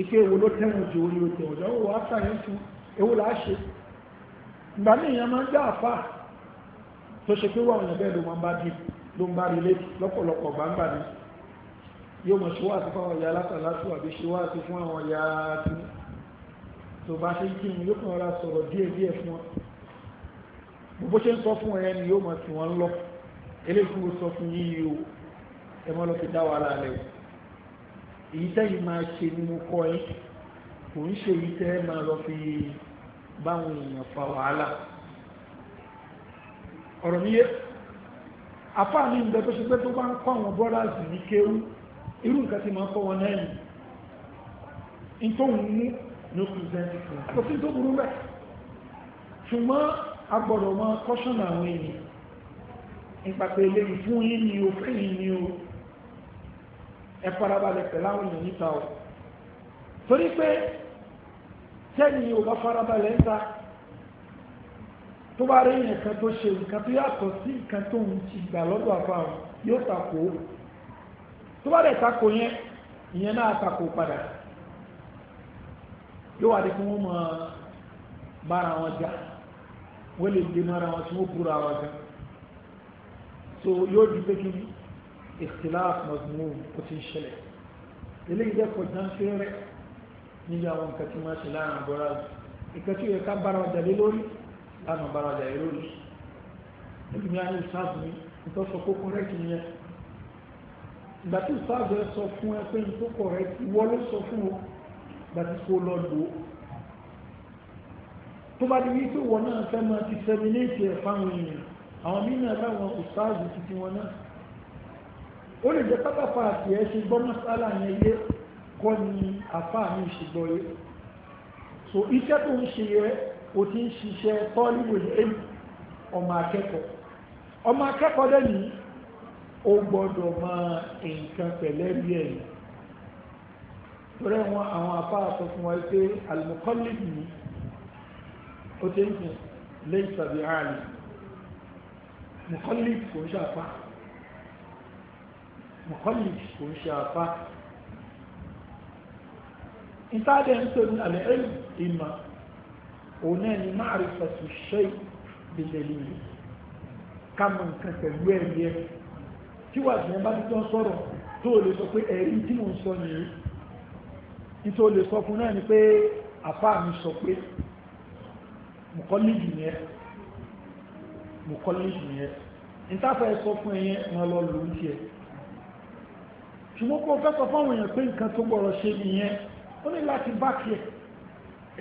ike èwo ló tẹ̀wọ̀n jù orí òtẹ̀wọ̀n lọ́wọ́ áfà yẹn fún èwo làá ṣe ìgbà ní èèyàn máa ń já àfà tó ṣe pé wà òyìnbẹ́ ló máa ń bá dì ló ń bá rí létí lọ́pọ̀lọpọ̀ gbangba ni yóò mọ̀ ṣíwá àti fáwọn ìyá látàlátù àbí ṣíwá àti fún àwọn ìyá tí tó bá ṣe kí wọn yóò kàn ra sọ̀rọ̀ díẹ̀ díẹ̀ fún wọn bó ṣe ń sọ fún ẹ ni yóò mọ̀ tí wọ́n lọ eléyìí mo sọ fún yín yìí o ẹ mọ́ lọ fi dá wàhálà rẹ o èyí tẹ́yìn máa ṣe ni mo kọ́ ẹ kò ń ṣe èyí tẹ́ máa lọ fi báwọn èèyàn fa wàhálà ọ̀rọ̀ níye apá mi ń bẹ tó ṣe pé tó bá ń kọ́ àwọn brothers ní kéwú irú nǹkan tí máa ń kọ́ wọn náà yìí in tó ń mú ní kùzẹ́ntì fún un kò tó burú bẹ́ẹ̀ ṣùgbọ́n a gbọ́dọ̀ mọ kọ́ṣọ́nà àwọn èèyàn nípa pé eléyìí fún yín ni o fún yín ni o ẹ farabalẹ̀ pẹ̀lú àwọn èèyàn níta o torí pé tẹ́yìn ò bá farabalẹ̀ ń ta tó bá rí nǹkan tó ṣe nǹkan tó yàtọ̀ sí nǹkan tó ń ti gbà lọ́dọ̀ àfa yóò takò ó tó bá dẹ̀ takò yẹn ìyẹn náà takò padà yóò wá di kí wọ́n máa bára wọn jà wọ́n lè dé mọ́ra wọn tí wọ́n búra wọn jà so yóò di pé kí ikhtilaf mazmum kò ti ń ṣẹlẹ̀ eléyìí jẹ́ kọjá ń fẹ́rẹ́ níbi àwọn nǹkan tí wọ́n ṣe láàrin àbọ̀rá ìkan tí ó yẹ ká bára ọjà lé lórí láàrin bára ọjà lé lórí níbi ní àyè ìsáàbù mi nítorí sọ kókó rẹ̀ kì í yẹ ìgbà tí ìsáàbù ẹ sọ fún ẹ pé ìkókó rẹ ìwọ ló sọ fún o ìgbà tí kò lọ lò ó tó bá di wípé wọn náà fẹ́ máa ti sẹ́mínéètì ẹ̀ fáwọn èèyàn àwọn mìíràn láwọn ìsáàbù titi wọn náà ó lè jẹ́ pátápá àti ẹ̀ ṣe gbọ́ kọ́ ni àfáà ní ìṣègbọ́ yé so iṣẹ́ tó ń ṣe yẹ o ti ń ṣiṣẹ́ tọ́líwò èyí ọmọ akẹ́kọ̀ọ́ ọmọ akẹ́kọ̀ọ́ lẹ́yìn o gbọ́dọ̀ mọ nǹkan pẹ̀lẹ́ bí ẹ̀yìn torí wọn àwọn afárá sọ fún wa pé alimokọ́lẹ́bì ni ó ti ń sìn lẹ́yìn tàbí ààrẹ mọ̀kọ́lẹ́bì kò ń ṣe àpá mọ̀kọ́lẹ́bì kò ń ṣe àpá ìtàdẹ̀ ń pẹ̀lú àlẹ́ẹ̀lù ìmọ̀ òun náà ni ma'rifatu shay bìdẹ̀lì kàmù nǹkan pẹ̀lú ẹ̀rí ẹ̀ tí wà tí wọ́n bá títọ́ sọ̀rọ̀ tó lè sọ pé ẹ̀rí tí mò ń sọ nìyí nítorí lè sọ fún náà ni pé àfá mi sọ pé mùkọ́lìjì ni ẹ mùkọ́lìjì ni ẹ ìtafẹ́ sọ fún ẹyẹ wọn lọ lòún tiẹ̀ ṣùgbọ́n ó ní láti bá tiẹ̀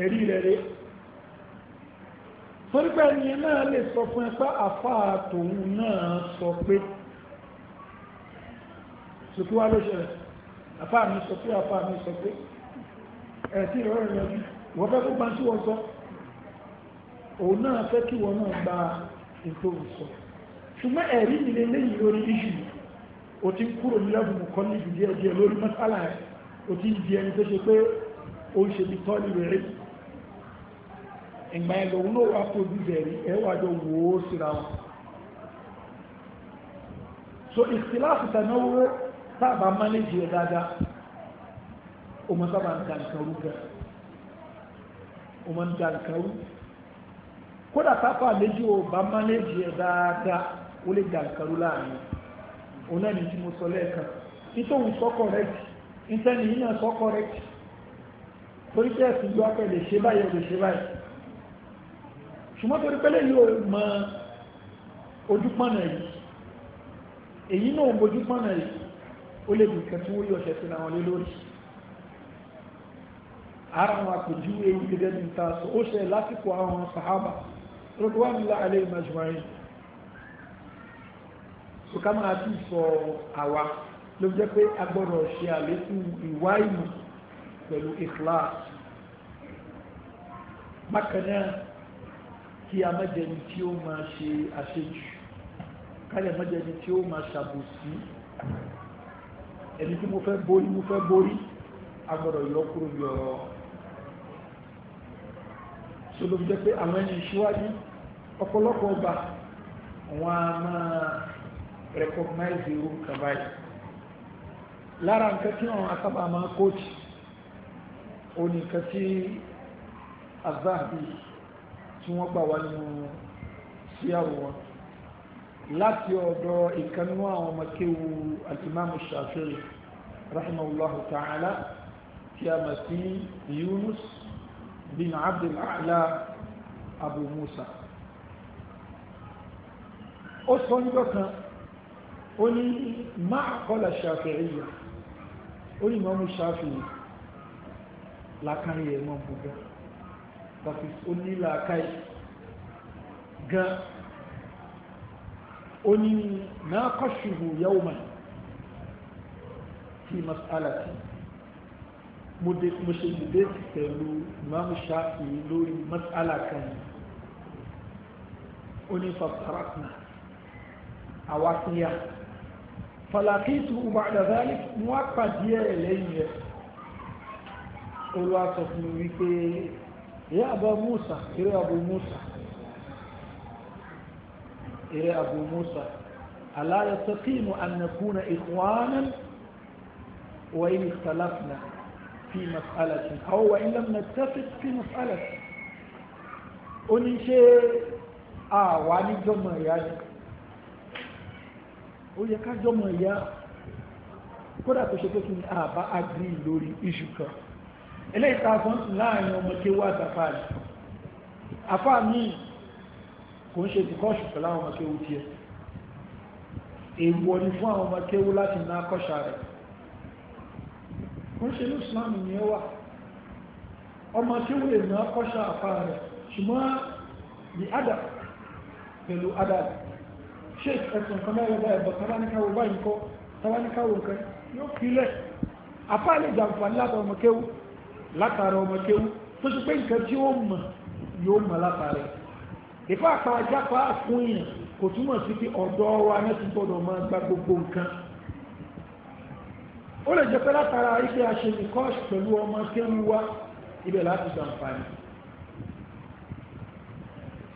ẹ̀rí rẹ̀ rẹ̀ torí pé ẹni náà lè sọ fún ẹ pé àfáà tòun náà sọ pé sùkú wá ló ṣẹlẹ̀ àfáà mi sọ pé àfáà mi sọ pé ẹ̀ tí ìrọ̀rùn rẹ̀ wọ́n fẹ́ kó gbá tí wọ́n sọ òun náà fẹ́ kí wọ́n náà gba ètò ìsọ ṣùgbọ́n ẹ̀rí ìlélẹ́yìn lórí iṣu ò ti kúrò ní lẹ́bùn kan ní ìdílé ẹ̀jẹ̀ lórí mọ́sálà rẹ̀ ó ti di ẹni tó ṣe pé ó ń ṣe bí tọ́lì rẹ̀ ìgbà ẹ̀ lòun náà wá fojú bẹ̀rẹ̀ ẹ̀ wò ó síra wọn so ìsìláàfù tànáwó sábà mánéjì ẹ̀ dáadáa ó mọ sábà ń ga nǹkan rú gan ó mọ ń ga nǹkan rú kódà tápà méjì ò bá mánéjì ẹ̀ dáadáa ó lè ga nǹkan rú láàrin òun náà ní tí mo sọ lẹ́ẹ̀kan nítorí sọ́kọ̀ rẹ̀ jù ìtẹ́ni yìí náà sọ correct torí pé ẹ̀sìn ju apẹ̀ lè ṣe báyìí lè ṣe báyìí ṣùgbọ́n torí pé lẹ́yìn ò mọ ojúpọ̀nà yìí èyí náà ń bójúpọ̀nà yìí ó lè dùnkẹ́ tí wọ́n yọ ọ̀ṣẹ́ sí àwọn lé lórí ara wọn àpèjúwe gẹ́gẹ́ ní ta sọ ó ṣe lásìkò àwọn sàhábà rọ́dúwàmílá alẹ́ ìmájúmáyé so ká máa tún sọ àwa ló jẹ́ pé a gbọ́dọ̀ ṣe àlékún ìwá ìmọ̀ pẹ̀lú ikhlas bákan náà kí a mẹ́jẹni tí ó máa ṣe àṣejù kálẹ̀ mẹ́jẹni tí ó máa ṣàbòsí ẹni tí mo fẹ́ borí mo fẹ́ borí a gbọ́dọ̀ yọ kúrò yọrọ so ló jẹ́ pé àwọn ẹni ìṣíwájú ọ̀pọ̀lọpọ̀ ọba wọn a máa recognize irú kàbáyìí lára nǹkan tí wọn asábà máa kóòtù ó ní nǹkan tí azáàbí tí wọ́n gbà wá nínú síyàwó wọn láti ọ̀dọ̀ ìkanú àwọn ọmọkéwu alimamu shafi'i rahimahullahu ta'ala tí a mọ̀ sí yunus bin abdul abu musa ó sọ nígbà kan ó ní máa kọ́lá shafi'iyya ó ní mọ́mú ṣáfì lákàrí ẹ̀ mọ́ bú gan bàtí ó ní làákàí gan ó ní náà kọ́ṣùgbù yàwó mọ̀ tí mas'alati mo ṣe dìbẹ́tì pẹ̀lú mọ́mú ṣáfì lórí mas'ala kan fàfàràkùn àwákíyà فلقيته بعد ذلك موقع ديال لي الواسط ويكي يا أبا موسى يا أبو موسى يا أبو موسى ألا يستقيم أن نكون إخوانا وإن اختلفنا في مسألة أو وإن لم نتفق في مسألة أني شيء آه وعني جمع يعني ó yẹ kájọ́ mọ̀ ìyá kódà tó ṣe pé kí ni àbá agri lórí iṣu kan eléyìí tá a fọ́n tún láàrin ọmọ kéwú àtàfà rẹ̀ àfà míì kò ń ṣe dìkọ́ṣù pẹ̀lú àwọn ọmọ tiẹ̀ èèwọ̀ ni fún àwọn ọmọ kéwú láti ná akọ́ṣà rẹ̀ kò ń ṣe ní Islam ni ó wà ọmọ lè ná akọ́ṣà àfà rẹ̀ ṣùgbọ́n ní adab pẹ̀lú adab ṣe ẹ̀sùn kan mẹ́rin bá ẹ̀bọ̀ tabaníkàwò báyìí kọ́ tabaníkàwò kan yóò filẹ̀ apá lè jàǹfààní látara ọmọ kéwú látara ọmọ kéwú tó ṣe pé nǹkan tí ó mọ̀ yóò mọ̀ látara ìfọ́ àpá ajápa fún yàn kò túmọ̀ sí pé ọ̀dọ́ wa náà ti gbọ́dọ̀ máa gba gbogbo nǹkan ó lè jẹ́ pé látara ife àṣẹ pẹ̀lú ọmọ kéwú wa ibẹ̀ láti jàǹfààní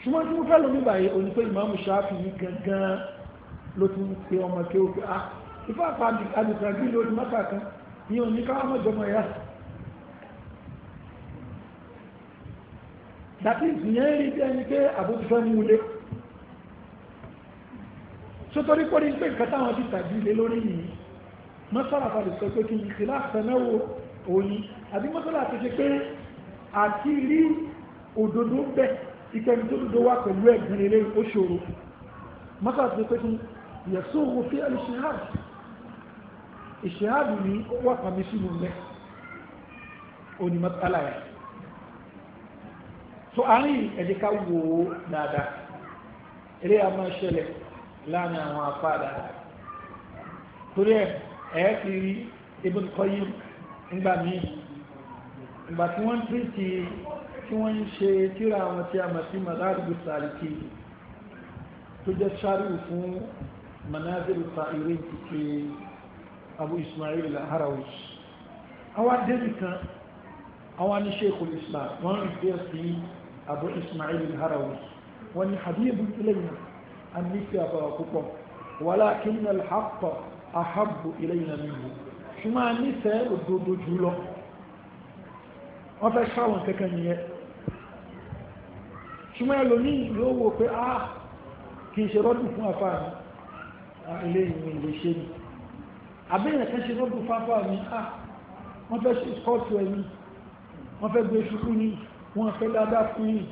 ṣùgbọ́n tí mo fẹ́ lómi báyìí o ní pé ìmáàmù ṣáàfì yìí gangan ló ti ń pe ọmọ kí ó pé ah ìfẹ́ àpá àdìsàgbé ló ti mọ́ta kan ní òní ká wọ́n jọmọ ẹ̀yà dàbí ìyẹn rí bí ẹni pé àbójú fẹ́ mú ilé sótórí pé ní pé nǹkan táwọn ti tàbí ilé lórí yìí mọ́sálà padà sọ pé kí n ìsìlá fẹ́mẹ́wò òní àbí mọ́sálà ti ṣe pé àti rí òdodo bẹ́ẹ̀ ìkẹni tó dúdú wá pẹ̀lú ẹ̀gbìn eré ó ṣòro mọ́tà tó pé fún yẹ̀sùn òun fi ẹ̀lú ṣehad ìṣehad ní ó wà pàmí sínú mẹ́ òní mọ́tàlá yẹn tó àárín ẹ̀jẹ̀ ká wò ó dáadáa eré àmọ́ ṣẹlẹ̀ láàrin àwọn afá dáadáa torí ẹ̀ ẹ̀ ti rí Ibn Qayyim ńgbà míì ìgbà tí wọ́n ń ti tí wọ́n ń ṣe tíra àwọn tí a mọ̀ sí mazaribu sàríkì tó jẹ́ sáríwù fún manaziru sa'ire títí abu ismail al-harawi àwọn adébì kan àwọn ní sheikhul islam wọ́n rí bí sí abu ismail al-harawi wọ́n ni habibu ilayna an nífẹ́ àbára púpọ̀ walakin al-haqq ahabbu wọ́n fẹ́ ṣáwọn kankan yẹn ṣùgbọ́n ẹlòmíì yóò wò pé a ah, kì í ṣe rọ́dùn fún afá mi ilé ìwé ilé ṣe mi àbẹ́yẹn kan ṣe rọ́dùn fún afá mi ah wọ́n fẹ́ ṣe skọ́ọ̀tù ẹ̀mí wọ́n fẹ́ gbé ṣubú ní wọ́n fẹ́ dáadáa fún yìí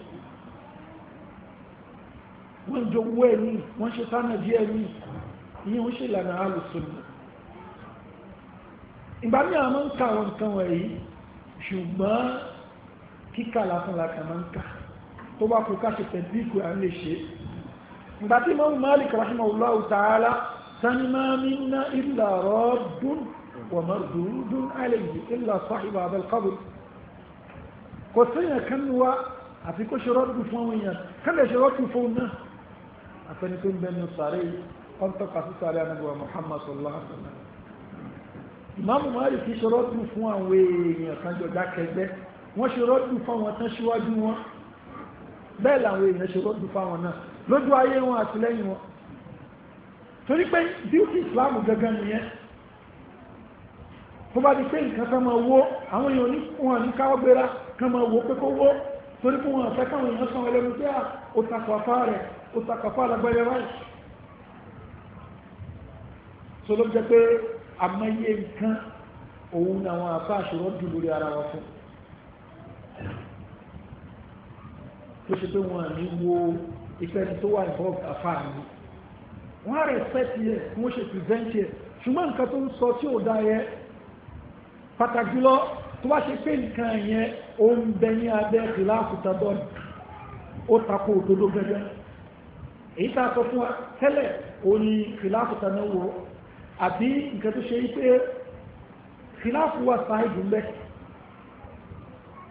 wọ́n jọ owó ẹ̀mí wọ́n ṣe sánà díẹ̀ ní ìyẹn ń ṣe ìlànà alùsùn ìgbà ní àwọn ń ka àwọn nǹkan wọ̀nyí ṣùgbọ́n kíkà lásán làkà máa ń kà tó bá kú ká ṣe tẹ̀bíkù à ń lè ṣe ìgbà tí mọ́mú Malik rahimahullahu ta'ala sani máa mi ná ìlà rọ́ọ̀dún wọ̀mọ̀ dùndún àlejò ìlà sọ́hìbà abẹ́lkábù kò síyàn kan wá àfi kó ṣe rọ́ọ̀dù fún àwọn èèyàn kán lè ṣe rọ́ọ̀dù fún náà afẹ́ni tó ń bẹnu sàárè ọ̀n tọ́ka sí sàárè anábọ̀ Muhammad sallallahu alaihi wa sallam ìmáàmù Malik ṣe rọ́ọ̀dù fún àwọn èèyàn kan jọ dákẹ́gbẹ́ wọ́n ṣe rọ́ọ̀dù fún àwọn tán síwájú wọn bẹ́ẹ̀ làwọn èèyàn ṣe rọ́dù fáwọn náà lójú ayé wọn àti lẹ́yìn wọn torí pé díútì ìsìláàmù gẹ́gẹ́ nìyẹn tó bá di pé nǹkan kan máa wó àwọn èèyàn wọn ní káwọ́ gbéra kan máa wó pé kó wó torí pé wọn àfẹ́ káwọn èèyàn sanwó ẹlẹ́nu pé ah, ó takọ̀ afá rẹ̀ ó takọ̀ afá lágbẹ́rẹ́ báyìí so ló jẹ́ pé àmọ́yé nǹkan òun làwọn àfá àṣòro dùn lórí ara wọn fún tó ṣe pé wọn ní wo ìfẹ́ni tó wà involved àfáàní wọ́n á respect yẹ wọ́n ṣe present yẹ ṣùgbọ́n nǹkan tó ń sọ tí ò dá yẹ pàtàkì jùlọ tó bá ṣe pé nǹkan yẹn ó ń bẹ ní abẹ́ ìlàkù tàbọ̀n ó tako òdodo gẹ́gẹ́ èyí tá a sọ fún wa tẹ́lẹ̀ ó ní ìlàkù tàbọ̀n àbí nǹkan tó ṣe pé ìlàkù wà sáà ìdúnbẹ́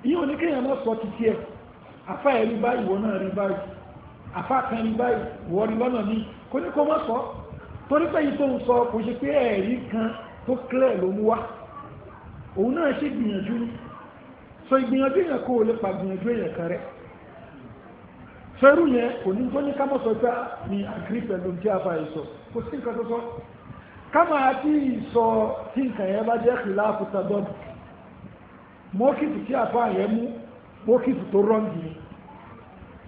yíò ní kéèyàn náà sọ títí ẹ̀ Afa ẹ̀ rí báyìí wọ́n náà rí báyìí afá kan rí báyìí wọ́n rí lọ́nà ní kò ní kó mọ́ sọ torí pé yìí tó ń sọ kò ṣe pé ẹ̀rí kan tó clear ló mú wá òun náà ṣe gbìyànjú ní so ìgbìyànjú yẹn kó o lè pa gbìyànjú yẹn kan rẹ fẹ́rù yẹn kò ní tó ní ká mọ́ sọ pé mi àgírí pẹ̀lú tí a fa ìsọ kò sí nǹkan tó sọ káma àti ìsọ tí nǹkan yẹn bá jẹ́ kìláàfù tàdọ́dù mọ́kìtì tí a fa yẹn mú bókìtì tó rọ́ǹgì ni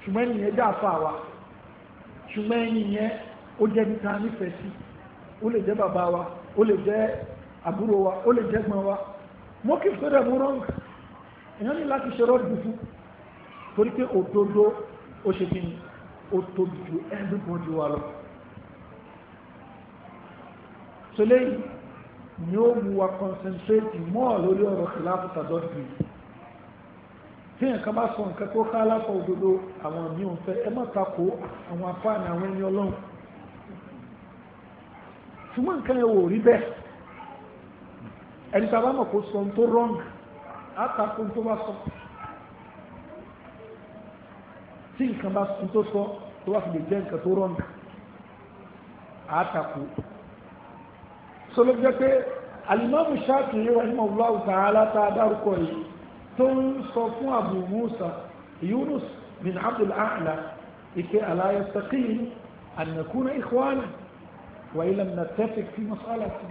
ṣùgbọ́n ẹni yẹn jẹ́ àfa wa ṣùgbọ́n ẹni yẹn ó jẹ́ níta nífẹ̀ẹ́ sí ó lè jẹ́ bàbá wa ó lè jẹ́ àbúrò wa ó lè jẹ́ gbọ́n wa bókìtì tó dẹ̀ mú rọ́ǹgì èèyàn ní láti ṣe rọ́ọ̀dù fún torí pé òdodo ó ṣe kí ni ó tóbi ju everybody wa lọ so lẹ́yìn ni ó mú wa concentrate more lórí ọ̀rọ̀ kìláàfù tàdọ́dù yìí tí nǹkan bá sọ nǹkan tó ká aláfọ òdodo àwọn míì ń ẹ má takò àwọn afáàní àwọn ẹni ọlọ́run ṣùgbọ́n nǹkan yẹn wò rí bẹ́ẹ̀ ẹni tá a bá mọ̀ kó sọ tó wrong á takò tó bá sọ tí nǹkan bá sọ tó sọ tó bá fi lè jẹ́ nǹkan tó wrong á takò sọlọ́jọ́ pé alimami Shafi'i rahimahullahu ta'ala tá a dárúkọ yìí. tó ń sọ fún Abu Musa Yunus bin Abdul A'la ike ala yastaqim an nakuna ikhwana wa illam nattafiq fi mas'alati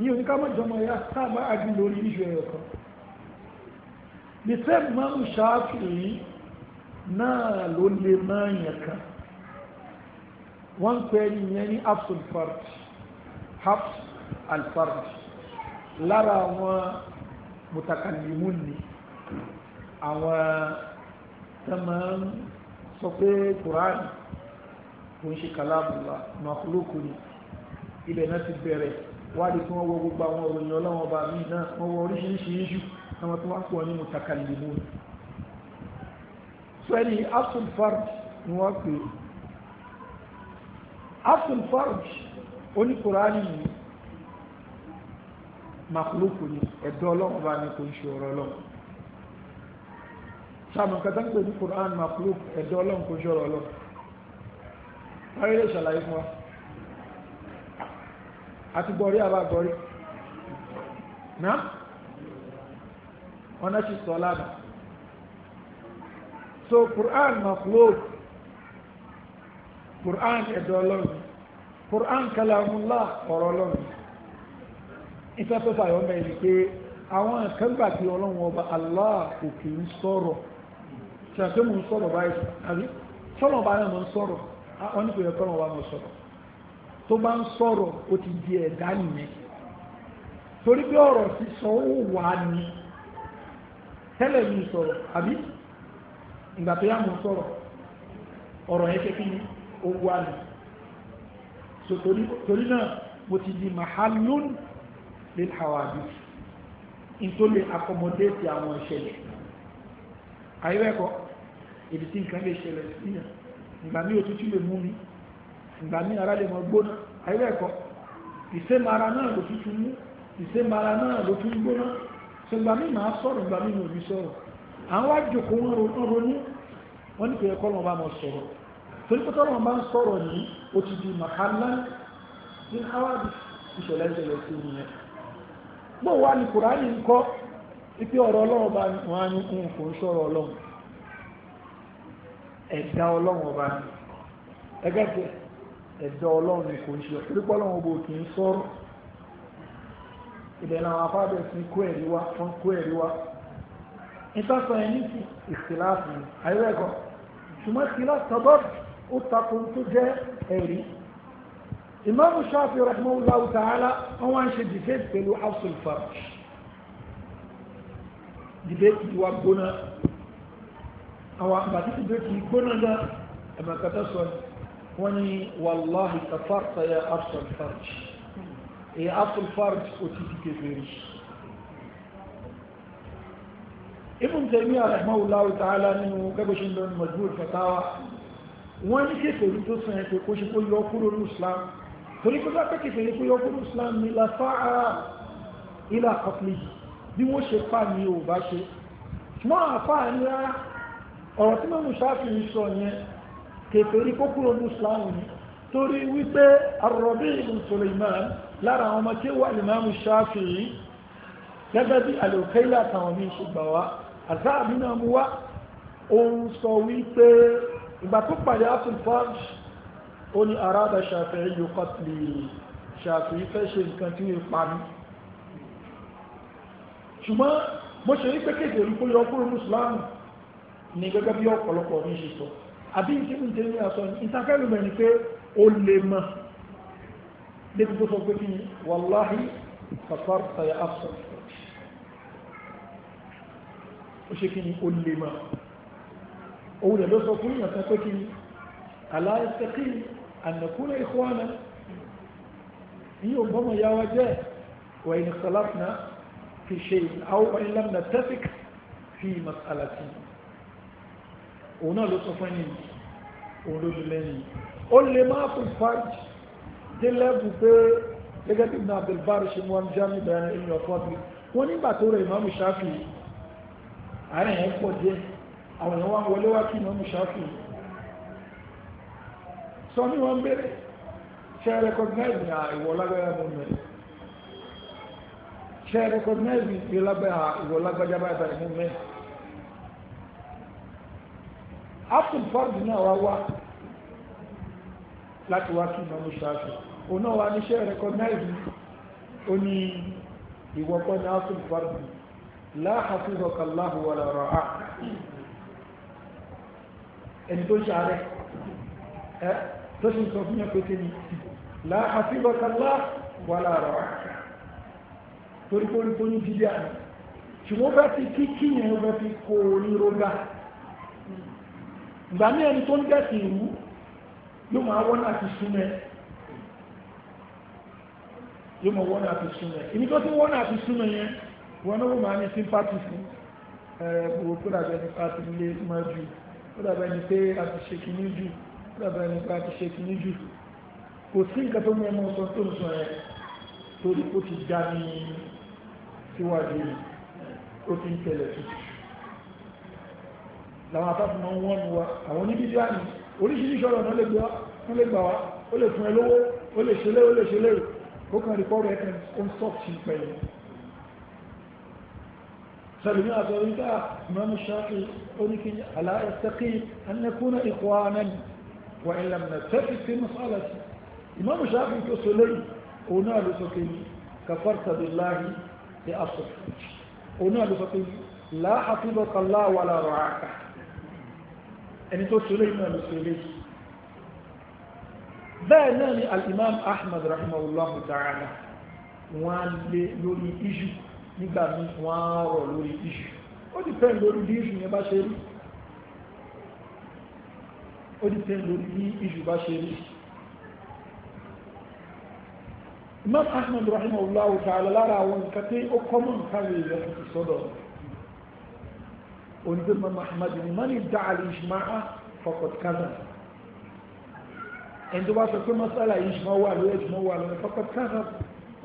ní oníkàmọ́ jọmọ ya sábà agbí lórí ìṣù ẹ̀yọ̀ kan ní tẹ́ máa ń ṣááfìrí náà ló lè máa yàn kan wọ́n pẹ́ yẹn ní hafs alfard lára àwọn mutakallimun ni àwọn tó máa ń sọ pé quran kò ń ṣe kalamullah makhluku ni ibẹ̀ náà ti bẹ̀rẹ̀ wádìí tí wọ́n wọ gbogbo àwọn òròyìn ọlọ́wọ́n bá mi náà wọ́n wọ oríṣiríṣi iṣu àwọn tó wá pọ̀ ní mutakallimun sẹ́ni asul farj ni wọ́n pè asul farj oní quran yìí makuluku ni ẹ̀dọ́ ọlọ́run bá ní kò ń ṣe ọ̀rọ̀ ọlọ́run sáàmù kẹta ń pè ní Quran makuluku ẹ̀dọ́ ọlọ́run kò ń ṣe ọ̀rọ̀ ọlọ́run wáyé lè ṣàlàyé fún wa àti gbọ́rí àbá gbọ́rí náà wọn náà ṣì sọ lánàá so Quran makuluku Quran ẹ̀dọ́ ọlọ́run Quran kalamullah ọ̀rọ̀ ọlọ́run. ìfẹ́ tó fàyọ̀ mẹ́ ni pé àwọn nǹkan gbà ọlọ́run ọba Allah kò kì í sọ̀rọ̀ ṣàpé mò ń sọ̀rọ̀ báyìí sọ̀rọ̀ bá náà mò ń sọ̀rọ̀ wọ́n ní kò yẹ di ẹ̀dá nìyẹn torí pé ọ̀rọ̀ sísọ ó wà ní tẹ́lẹ̀ mi sọ̀rọ̀ àbí ìgbà tó yá mò sọ̀rọ̀ ọ̀rọ̀ yẹn ṣe ali. so torí náà mo ti di màhálùn lil hawadith nítorí accommodate àwọn ìṣẹ̀lẹ̀ àyíwẹ́kọ́ ibi tí nǹkan lè ṣẹlẹ̀ síyàn ìgbà mí òtútù lè mú mi ìgbà mí ara lè mọ gbóná àyíwẹ́kọ́ ìsẹ́mọ ara náà ló tútù mú ìsẹ́mọ ara náà ló tún gbóná so ìgbà mí máa sọ̀rọ̀ ìgbà mí ò ní sọ̀rọ̀ àwọn àjòkó wọn ronú wọn ní kò yẹ kọ́lọ̀ bá mọ sọ̀rọ̀ torí pé tọ́lọ̀ bá ń sọ̀rọ̀ ní ó ti di màkàlá bó wà ní kùránì ń kọ́ ipe ọ̀rọ̀ ọlọ́run bá wọn á ní kún kò ń sọ̀rọ̀ ọlọ́run ẹ̀dá ọlọ́run ọba ẹgbẹ́ tẹ ẹ̀dá ọlọ́run ni kò ń ṣe orípọ̀ ọlọ́run ọba kì í sọ̀rọ̀ ìdẹ̀nà àwọn afábẹ̀ sí kó ẹ̀rí wá wọ́n kó ẹ̀rí wá ìtàsán ẹni sí ìsìláàfù ayẹ́rẹ́kọ̀ọ́ ṣùgbọ́n ìsìláàfù tọ́bọ̀tì ó takò tó jẹ́ ẹ̀rí ìmáàmù Ṣáfi'í rahimahullahu ta'ala wọ́n wá ń ṣe debate pẹ̀lú hafsul farj debate wa gbóná àwọn àbàtí debate gbóná náà ẹ̀mọ̀kátà sọ wọ́n ní wàláhì kafarta ya hafsul farj èyí hafsul farj ó ti di kèfèrí ibn taymiya rahimahullahu ta'ala nínú gẹ́gẹ́sí lọ́nà majmuu fatawa wọ́n ní kéfèrí tó sàn ẹ̀kọ́ kó ṣe kó yọ islam torí pé bá pẹ́kì fèrè pé ọkùnrin islam ni lafa'a ila qatli bí wọ́n ṣe pa ní o bá ṣe mọ́ àfáà ní rárá ọ̀rọ̀ tí mẹ́mú ṣáàfì ń sọ yẹn kèfèrí kó kúrò ní islam ni torí wípé ar-Rabi' ibn Sulaiman lára àwọn ọmọ tí wà ìmáàmù ṣáàfì yìí gẹ́gẹ́ bí al-Ukaila àtàwọn mí ṣe gbà wá àzáàbí náà mú òun sọ wípé ìgbà tó pàdé àtúntò ó ní aráàdà ṣàfihàn yóò kọ́tìlì ṣàfihàn fẹ́ ṣe nǹkan tí ó pa mí ṣùgbọ́n bó ṣe rí pé kéde olùkó yọ kúrò mùsùlùmí ní gẹ́gẹ́ bí ọ̀pọ̀lọpọ̀ ní ṣe sọ àbí ìṣe ń tẹ́lẹ̀ àṣọ ìtafẹ́lù mẹ́rin pé ó lè mọ̀ débi tó sọ pé kí ni wàláhì tàyà àṣọ ó ṣe kí ni ó lè mọ̀ òun lè lọ sọ fún ìyàn kan pé kí ni أن نكون إخوانا bọ́mọ̀ yáwá jẹ́ wà ní sàlátnà fi ṣe àwọn ìlànà tẹ́fíkì fi masalati òun náà ló sọ fún ẹni òun ló dùn lẹ́yìn ó lè má fún fàájì dé lẹ́bù pé gẹ́gẹ́ bí ibùdó abdulbari ṣe mú bẹ̀rẹ̀ ẹni ọ̀tọ́ bí wọ́n nígbà tó rẹ̀ ìmáàmù ṣáfì àárẹ̀ yẹn pọ̀ díẹ̀ àwọn èèyàn wọlé wá kí ìmáàmù ṣáfì sọ ní wọn bẹ̀rẹ̀ a recognize ní ah, ìwọ lágbájá mú mi ṣe recognize ní ah, ìwọ lágbájá báyìí mú mi apple ford wa, wá wá láti wá kí ìmọ̀ ṣáàṣì òun náà wá níṣẹ́ recognize ó ní na ní apple ford láhàfíìsọ̀ kàláhù wà lọ́rọ̀ tó sì sọ fún yàn pé kí ni láàfíbọ̀tàlá wà láàrọ̀ torí kó rí tó ní bíbí àná ṣùgbọ́n bá ti kí kí yẹn bá fi kó ríro gá ìgbà ní ẹni tó ń gẹ̀ẹ́sì ìrú yóò máa wọ́n láti súnmẹ́ yóò máa wọ́n láti súnmẹ́ ìní tó ti wọ́n láti súnmẹ́ yẹn wọ́n náà wọ́n máa ní sympathy fún ẹ̀ẹ́dùn kó dàbẹ́ ní pàtó nílé máa ju kó dàbẹ́ ní pé a ti ṣe kìíní jù bàbá ẹni pé a ti ṣe kìíní jù kò sí nǹkan tó mú ẹmọ sọ tó ń sọ ẹ torí ó ti já ní síwájú ó ti ń tẹ̀lẹ̀ tuntun làwọn afáfù máa ń wọ́n nu wa àwọn oníbíbí àná oríṣiríṣi ọ̀rọ̀ náà lè gbà wá ó lè fún ẹ lówó ó lè ṣe lérò lè ṣe lérò ó kàn rí pọ́ọ̀rọ̀ ẹ̀kẹ́ ó ń sọ́ọ̀tì pẹ̀lú سلمي أبو إذا إمام الشافعي أنك ألا يستقي أن نكون إخوانا وإن لم نتفق في مسألة إمام شافعي يقول أصولي هنا لسكين كفرت بالله في أصل هنا لسكين لا حفظك الله ولا رعاك أن يعني تصلي ما لسكين بأنني الإمام أحمد رحمه الله تعالى وان لوري إجو نقام وان لوري إجو ودفن لوري إجو نباشر ó dìtẹ́ lórí bí ìṣù bá ṣe rí imam ahmed rahimahullahu ta'ala lára àwọn nǹkan tí ó kọ́mọ̀ nǹkan lè yẹ kò sọ́dọ̀ onígbé mama ahmed ni mani da'al ijma'a faqad kaza ẹni tó bá sọ pé masala ijma'a wà lórí ijma'a wà lórí faqad kaza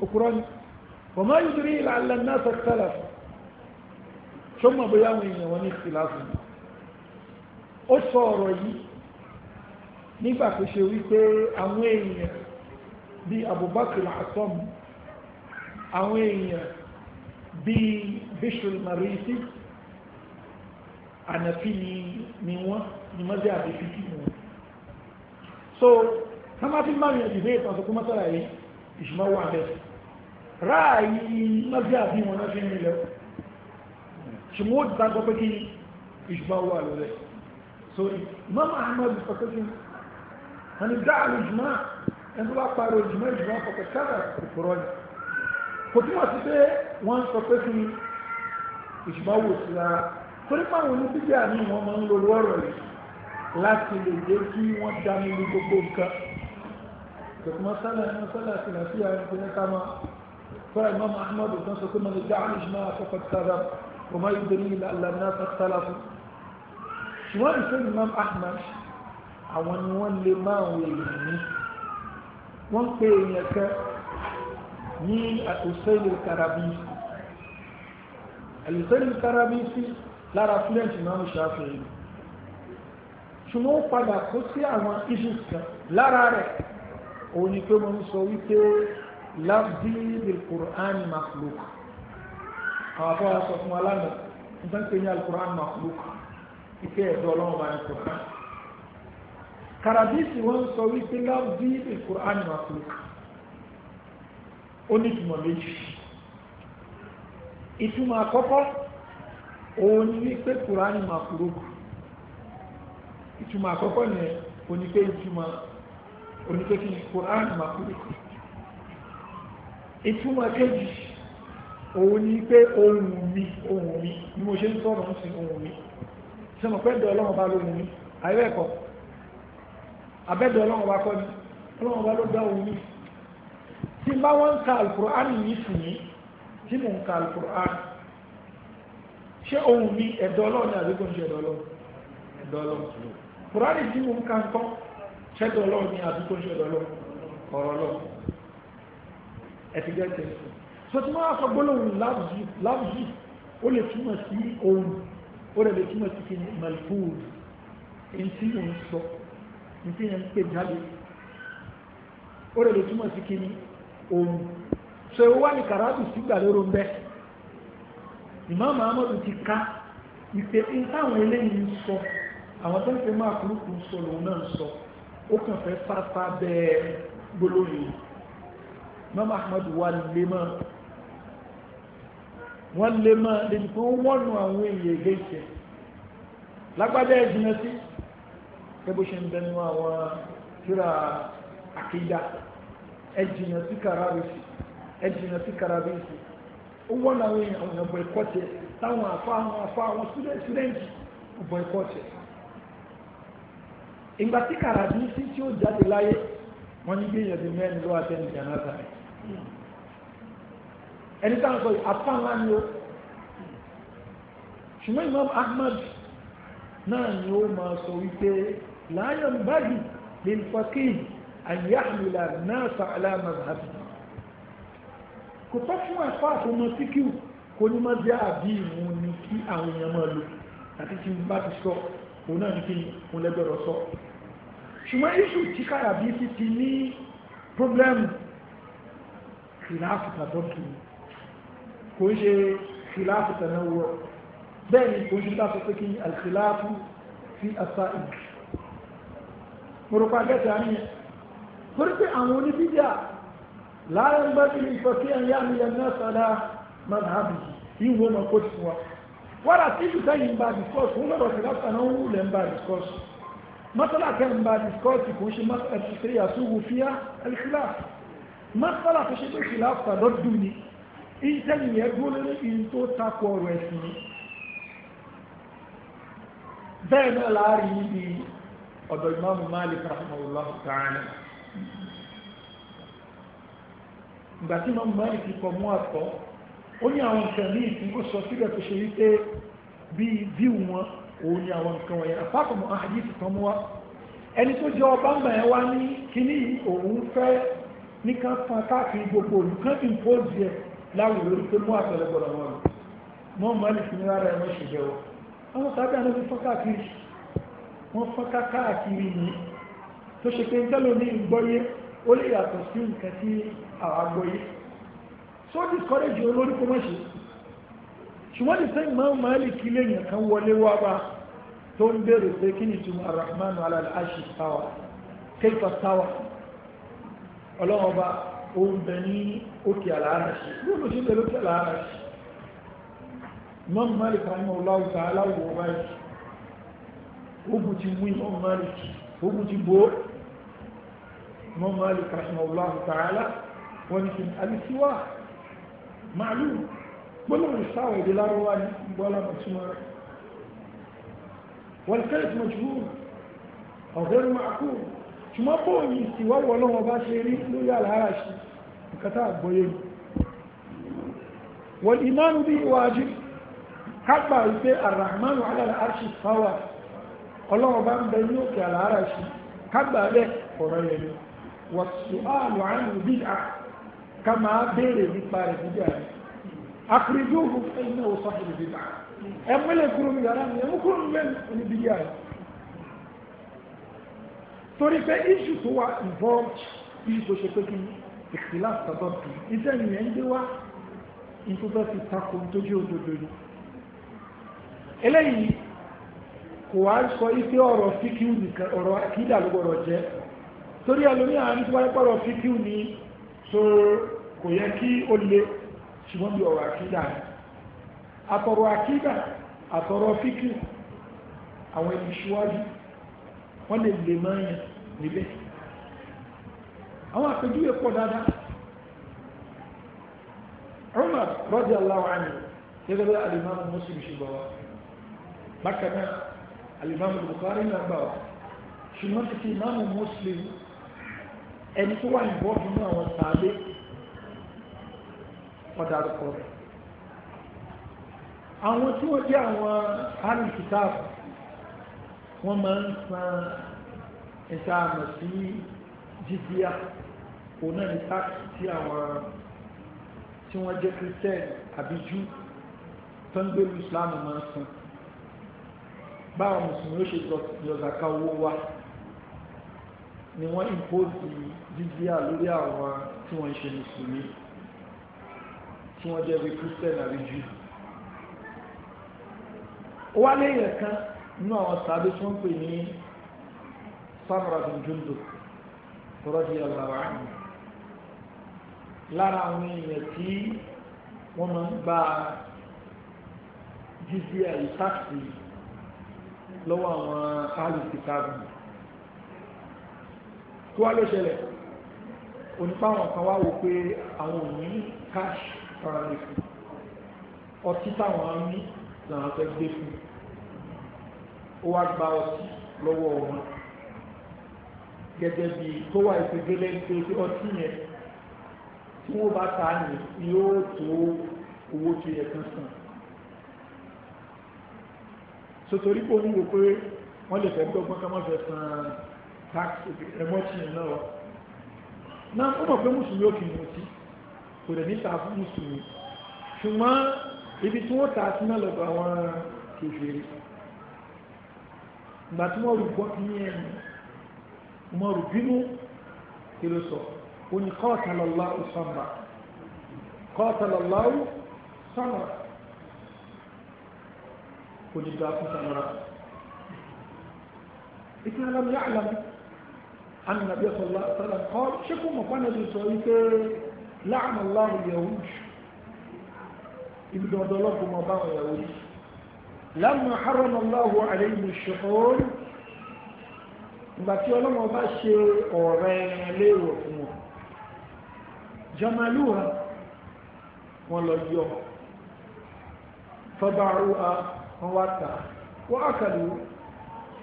òkúrọ́ ni wa ma yudri la'alla an-nas ikhtalafu ṣọ́mọ̀ bóyá àwọn èèyàn wọn ní ìfìlà fún ó sọ ọ̀rọ̀ yìí nígbà tó ṣe wípé àwọn èèyàn bíi Abubakar asom àwọn èèyàn bíi bishul Marisi ànàfi ni wọ́n ni mọ́sí àbẹ̀fí kí wọ́n so hamafin mariya dìbẹ́ ìtàn tó kó mọ́sára yìí ìṣùmọ́ wà bẹ́ẹ̀ ráàyí mọ́sí àbí wọn náà fi ń rìn lẹ́wọ́ ṣùgbọ́n ó ti dágbọ́ pé kí ìṣùmọ́ wà lọ́rẹ́ so Imam Ahmad fọ́kẹ́sìn wọ́n ní dá àwọn ìjùmọ́ ẹni tó bá pariwo ìjùmọ́ ìjùmọ́ kọ̀kọ̀ kára ìfòrọ́ ni kò túmọ̀ sí pé wọ́n ń sọ pé kí ni ìjùmọ́ wò sí ra torí pé àwọn oníbíbí àmì wọn máa ń lo lọ́rọ̀ yìí láti lè jẹ́ kí wọ́n dá mi lu gbogbo nǹkan kòtùmọ̀ sálà ẹni sálà sí àti àìsàn ká máa fún Imam Ahmad tó ń sọ pé mo lè dá àwọn ìjùmọ́ àkọ́kọ̀ kára وما يدري لأن الناس اختلفوا شوان يقول الإمام أحمد àwọn ni wọ́n lè má àwọn èèyàn ní wọ́n pe èèyàn kan ní Al-Usayd Al-Karabisi Al-Usayd Al-Karabisi lára fúlẹ̀ǹtì Imam Shafi'i ṣùgbọ́n ó padà kó sí àwọn iṣu kan lára rẹ̀ òun ni pé mo ń sọ wípé lábí bil-Qur'an makhluk àwọn afọwọ́sọ fún aláàmọ̀ nígbà pé ní al-Qur'an makhluk ẹ̀dọ́ ọlọ́run bá ní kùrán karabisi wọ́n sọ wípé láwùjí ìkùrán màkùlùkù ó ní ìtumọ̀ méjì ìtumọ̀ àkọ́kọ́ òun ni wípé kùrán màkùlùkù ìtumọ̀ àkọ́kọ́ ni onípe ìtumọ̀ onípe kí kùrán màkùlùkù ìtumọ̀ kejì òun ni pé ohun mi ohun mi ni mo ṣe ń sọ̀rọ̀ ń sin ohun mi sọmọ pẹ́ dọ̀ ọlọ́mọba lóhun mi ayọ́ ẹ̀kọ́ abẹ́dọ̀ ọlọ́run ọba kọ́ ni ọlọ́run ọba ló dá òun ní tí bá wọ́n ń ka alukur'an yìí fún mi tí mò ń ka alukur'an ṣé òun ní ẹ̀dọ́ ọlọ́run ní àbí kò ń ṣe ẹ̀dọ́ ọlọ́run ẹ̀dọ́ ọlọ́run kur'an tí mò ń ka nǹkan ṣẹ́dọ̀ ọlọ́run ní àbí ń ṣe ẹ̀dọ́ ọlọ́run ọ̀rọ̀ ọlọ́run ẹ̀fí gẹ́gẹ́ so tí wọ́n á sọ gbólóhùn láàbùjì ní tí yẹn ń pè jáde ó lè lè túmọ̀ sí kí ni òun so ewu wá ní kàràtù sígbà lóró ń bẹ́ ìmáàmù amadu ti ká ìpè ní táwọn eléyìí ń sọ àwọn tó ń fi máa kúrúkú ń sọ lòun náà ń sọ ó kàn fẹ́ fáfá bẹ́ẹ̀ gbólóyè mọ́mọ́ ahmadu wà lè mọ́ wọ́n lè mọ́ lè dùkú wọ́n nu àwọn èèyàn ẹgbẹ́ ìṣẹ́ lágbájá sí kébó ṣe ń bẹnu àwọn tíra àkídá ẹ jìnnà sí kàràbìsì ẹ jìnnà sí kàràbìsì ó wọ́n láwọn èèyàn àwọn ẹ̀bọ̀ ẹ̀kọ́ tẹ táwọn afá àwọn afá àwọn sídẹ́ǹtì ọ̀bọ̀ ẹ̀kọ́ tẹ ìgbà tí kàràbìsì tí ó jáde láyé wọ́n ní bí mẹ́rin ló wà tẹ́lẹ̀ ìjànà sáré ẹni táwọn sọ afá ńlá ni ó ṣùgbọ́n Imam Ahmad náà ni ó máa sọ wípé لا ينبغي للفقيه أن يحمل الناس على مذهبه kò tọ́ fún ẹ̀fọ́ àtọmọ síkíù kò ní máa jẹ́ àbí ìwọ̀n ni kí àwọn èèyàn máa lò àti tí bá ti sọ òun náà ní kí mo lẹ́gbẹ̀rọ sọ ṣùgbọ́n iṣu tí kàràbí ti ti ní pọ́blẹ́mù kìláàfù tàbí kò ń ṣe kìláàfù tàbí wọ bẹ́ẹ̀ ni kò ń ṣe dáfẹ́ pé kí alkìláàfù fi àṣà ìgbì mọ̀rọ̀pá gẹ́ta ní ẹ̀ torí pé àwọn oníbíjà láàrín bá kí ní ìfọ̀sí ẹ̀yà ní ẹ̀nà sọ́dá mazhabi ìwò ọmọ kó ti wá wọ́n àti ìlúta yìí ń bá discourse fún lọ́rọ̀ sí láti àwọn òun lẹ́ ń bá discourse mọ́tàlá kẹ́ ń bá discourse kò ń ṣe ẹ̀sìtìrì àsúwò fíà ẹ̀sìlá mọ́tàlá tó ṣe pé kìlá fàdọ́dù ni ìtẹ́yìn yẹn dúró lórí ìyìn tó takò ọ̀rọ̀ ẹ̀sìn bẹ́ẹ̀ náà láàrin níbi ọ̀dọ̀ ìmáàmù Malik rahimahullahu ta'ala ìgbà tí ìmáàmù Malik kọ mú àtọ́ ó ní àwọn nǹkan ní ìsìn ó sọ síbẹ̀ tó ṣe wípé bí bíu wọn òun ni àwọn nǹkan wọ̀nyẹn àpapọ̀ mọ́ àdìsí kan mú wa ẹni tó jẹ́ ọba mọ̀ ẹ́ wá ní kíní òun fẹ́ nìkan fún akáàkiri gbogbo olùkọ́ ìmpóòsì ẹ̀ láwùjọ lórí pé mú àtọ̀lẹ́gbọ̀rọ̀ wọn mọ́ Malik ní rárá ẹ̀ wọ́n ṣèjẹ́ àwọn sábẹ́ àná wọ́n fọ́nká káàkiri yìí tó ṣe pé tẹ́lò ní ìgbọ́yé ó lè yàtọ̀ sí nǹkan tí àwa gbọ́yé so discourage olórí kó mọ́ṣe ṣùgbọ́n ní sẹ́yìn máa ń máa lè kí lẹ́yìn kan wọlé wá bá tó ń bèèrè pé kí ni ìtumọ̀ arahman alalashi tawa kaifa tawa ọlọ́wọ́n bá ó bẹ ní òkè àlàáràṣì yóò lọ sí ìbẹ̀rẹ̀ òkè àlàáràṣì mọ́ máa lè fàánù ọlọ́wọ́ ogun ti mú imam malik ogun ti bó imam malik rahimahullah ta'ala wọ́n ni kí ni alisiwa màálù gbọ́lọ́rùn sáwọ̀ èdè lárọ́wá ní bọ́lá mọ̀túnmọ́ rẹ̀ wọ́n kẹ́lẹ̀ tí mo jù ú ọ̀gẹ́rù máa kú ṣùgbọ́n bó yìí sí wọ́wọ́ lọ́wọ́ bá ọlọ́run bá ń bẹ ní òkè àlàárà sí kágbà rẹ̀ ọ̀rọ̀ yẹn ni a ká máa béèrè nípa rẹ̀ bíbí àrẹ àkùrẹ́jú òhun ẹ̀yìn náà sọ fún bíbí na ẹ mẹ́lẹ̀ kúrò ní yàrá mi ẹ mú kúrò ní bẹ́ẹ̀ ní bíbí àrẹ torí pé iṣu tó wà involved iṣu tó ṣe pé kí iṣẹ́ wá takò kò wá sọ ife ọ̀rọ̀ fíkíù nìkan ọ̀rọ̀ akídà ló gbọ́dọ̀ jẹ́ torí ẹlòmí àárín ni so kò yẹ kí ó le ṣùgbọ́n bí ọ̀rọ̀ akídà àtọ̀rọ̀ akídà àtọ̀rọ̀ fíkíù àwọn ẹni ṣíwájú wọ́n lè lè máa yàn níbẹ̀ àwọn àpèjúwe pọ̀ dáadáa Umar radiyallahu anhu gẹ́gẹ́ bí al-Imam Muslim alimami Bukhari náà gbà wá ṣùgbọ́n títí imamu Muslim ẹni tó wà ìbọ́ọ̀dù ní àwọn sàádé ọ̀dà àrùkọ rẹ̀ àwọn tí wọ́n jẹ́ àwọn alìkìtàf wọ́n máa ń san ìta àmọ̀ sí jizíà òun náà ní táàkì tí àwọn tí wọ́n jẹ́ Christian àbí tó ń gbèrú Islam máa ń san báwọn mùsùlùmí ó ṣe yọ̀zàká owó wa ni wọ́n impose jizíà lórí àwọn tí wọ́n ń ṣe mùsùlùmí tí wọ́n jẹ́ bí christian àbí jù ó wá léèyàn kan nínú àwọn sàbí tí wọ́n pè ní samra bin jundub radiyallahu anhu lára àwọn èèyàn tí wọ́n máa ń gba jizíà yìí táàkì lọ́wọ́ àwọn áàlù ti káàbù tó wá ló ṣẹlẹ̀ onípa àwọn kan wá wò pé àwọn òní cash currency fún ọtí táwọn á ní làwọn fẹ́ gbé fún ó wá gba ọtí lọ́wọ́ wọn gẹ́gẹ́ bí tó wà ìpegélé pé ọtí yẹn tí wọ́n bá ta ni yóò tó owó tó yẹ kan sàn so torí kò wúwo pé wọ́n lè fẹ́ gbọ́gbọ́n ká má fẹ́ san tax ẹmọ́tì náà wà náà ó mọ̀ pé mùsùlùmí ò kì í mutí kò dẹ̀ níta fún mùsùlùmí ṣùgbọ́n ibi tí wọ́n ta sí náà lọ́dọ̀ àwọn kèfèrè ìgbà tí wọ́n rú gbọ́ ní ẹnu wọ́n rú kí ló sọ ó ní qatalallahu samba qatalallahu samba kò ní dáa fún samara ìpín alam yà alam àmì nàbí ọ̀sọ̀lá sọ́lá kọ́ ṣé kò mọ̀ pánà lè sọ wípé láàmà láàmù yahoo ibi dandan ọlọ́pù mọ̀ bá wọn yahoo láàmà haram aláhu àlẹ́yìn ṣòhón ìgbà tí ọlọ́mọ bá ṣe ọ̀rẹ́ léèwọ̀ fún wọ́n wá tà wọ́n àkàlù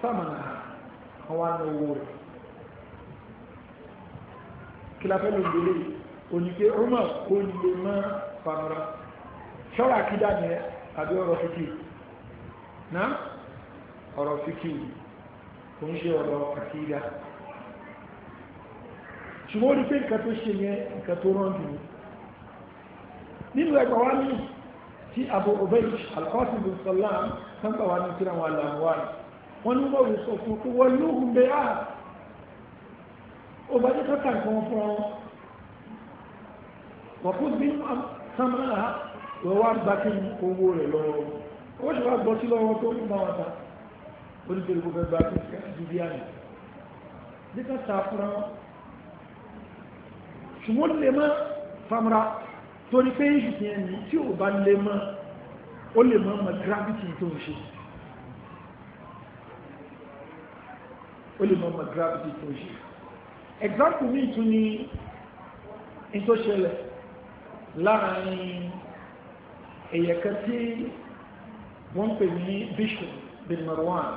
sàmànà wọ́n wá náwó rẹ̀ kí la famara ṣọ́ra kí dá abi àbí ọ̀rọ̀ na ná ọ̀rọ̀ fíkì kò ń ṣùgbọ́n ó nǹkan tó ṣe yẹn nǹkan tó tí Abu Ubayd al-Qasim bin Sallam kan gbà wá ní kíra wọn làwọn wọn ní wọn sọ fún pé wọn ló hùn bẹ á ó bá jẹ kọta nǹkan fún ọ wọn kó bí sámúlà wọn wá gba kí owó rẹ lọ́wọ́ ó sì wá gbọ́ sí lọ́wọ́ tó ń ta ó ní pẹ̀lú gbogbo ẹgbẹ́ àti ìdíbíà nì nígbà tá a fúnra wọn ṣùgbọ́n lè torí pé ìṣù yẹn ní tí ò bá lè mọ́ ó lè mọ́ mọ́ gravity tó ń ṣe ó lè mọ́ mọ́ gravity tó ń ṣe example mi tún ní in tó ṣẹlẹ̀ láàrin èyẹ̀kẹ́ tí wọ́n pè ní bishop bin Marwan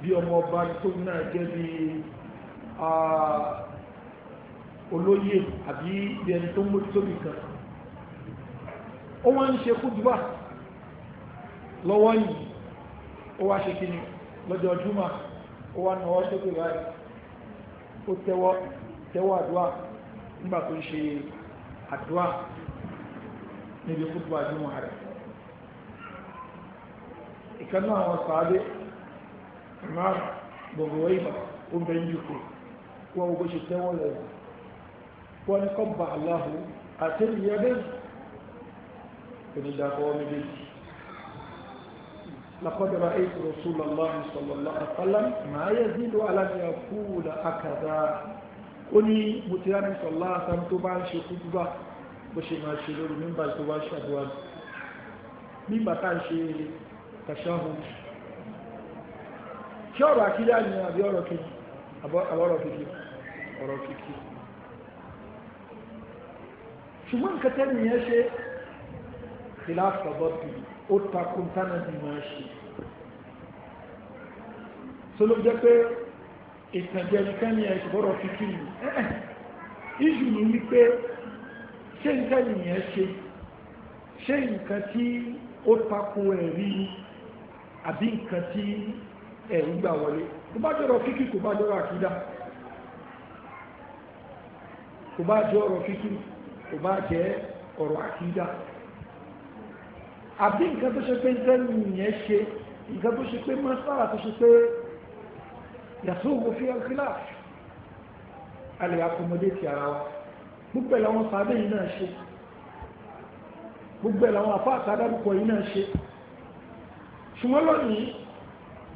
bí ọmọ ọba tó náà jẹ́ bí ah, olóyè àbí ẹni tó mójútóbi kan ó wá ń ṣe kúdùbà lọ́wọ́ yìí ó wá ṣe kíni lọ́jọ́ júmọ̀ ó wá náwọ́ ṣe pé báyìí ó tẹ́wọ́ tẹ́wọ́ àdúrà nígbà tó ń ṣe àdúrà níbi kúdùbà júmọ̀ rẹ̀ ìkan àwọn sàádé máa gbogbo ìgbà ó bẹ́ ń jùkú wọ́n gbogbo ṣe tẹ́wọ́ lẹ́yìn wọ́n ní kọ́ bá aláhùn àti ìyẹ́dẹ́sì onídàkọ́ méjèèjì لقد رأيت رسول الله صلى الله عليه وسلم ما يزيد على أن يقول هكذا ó ní mo ti rámi sọ̀lá àtàm tó bá ń ṣe kúdúbà bó ṣe máa ṣe lórí mímbà tó bá ń ṣàdúrà mímbà tá ń ṣe tàṣáhùn ṣé ọ̀rọ̀ àkílẹ̀ àmì àbí ọ̀rọ̀ kìkì àbọ̀rọ̀ kìkì ọ̀rọ̀ kìkì ṣùgbọ́n nǹkan tẹ́lẹ̀ yẹn ṣe خلاف تضبي ó takun tánà ní máa ṣe tó ló jẹ́ pé ìtànjẹ́ nìkan ni ẹ̀ṣùgbọ́rọ̀ fi kí ni ìṣù ní wípé ṣé nǹkan nìyẹn ṣe ṣé nǹkan tí ó takun ẹ̀rí àbí nǹkan tí ẹ̀rí gbà wọlé kò bá àbí nǹkan tó ṣe pé ìtẹ́lù yẹn ṣe nǹkan tó ṣe pé mọ́sára tó ṣe pé yàtọ̀ owó fi ọkílá a lè akọmọdé ti ara wa gbogbo ẹ̀ làwọn sàábẹ́ yìí náà ṣe gbogbo ẹ̀ làwọn afá àtàdárúkọ yìí náà ṣe ṣùgbọ́n lónìí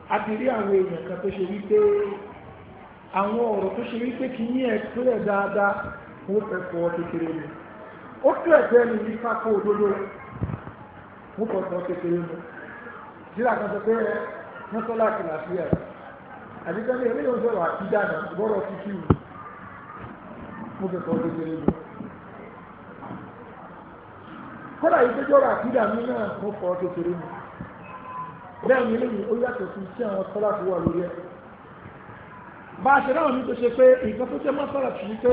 a ti rí àwọn èèyàn kan tó ṣe wípé àwọn ọ̀rọ̀ tó ṣe wípé kì í ní ẹ̀kúrẹ̀ dáadáa wọ́n fẹ́ fọ́ kékeré ni ó kúrẹ̀ fẹ́ ni mú kọ̀ọ̀kan kékeré mu sílá kan sọ pé ẹ mọ́sálà kìláàsì ẹ̀ àdìgbẹ́lẹ̀ eléyìí ń sọ̀rọ̀ àtijọ́nà gbọ́rọ̀ títí wù mú kọ̀ọ̀kan kékeré mu. kódà yìí péjọ́ rà àtijọ́ mi náà mú kọ̀ọ̀kan kékeré mu bẹ́ẹ̀ ni eléyìí ó yàtọ̀ sí iṣẹ́ àwọn sọ́lá tó wà lórí ẹ̀ bá a ṣe ráwọn ní tó ṣe pé nǹkan tó jẹ́ mọ́sálà tì í pé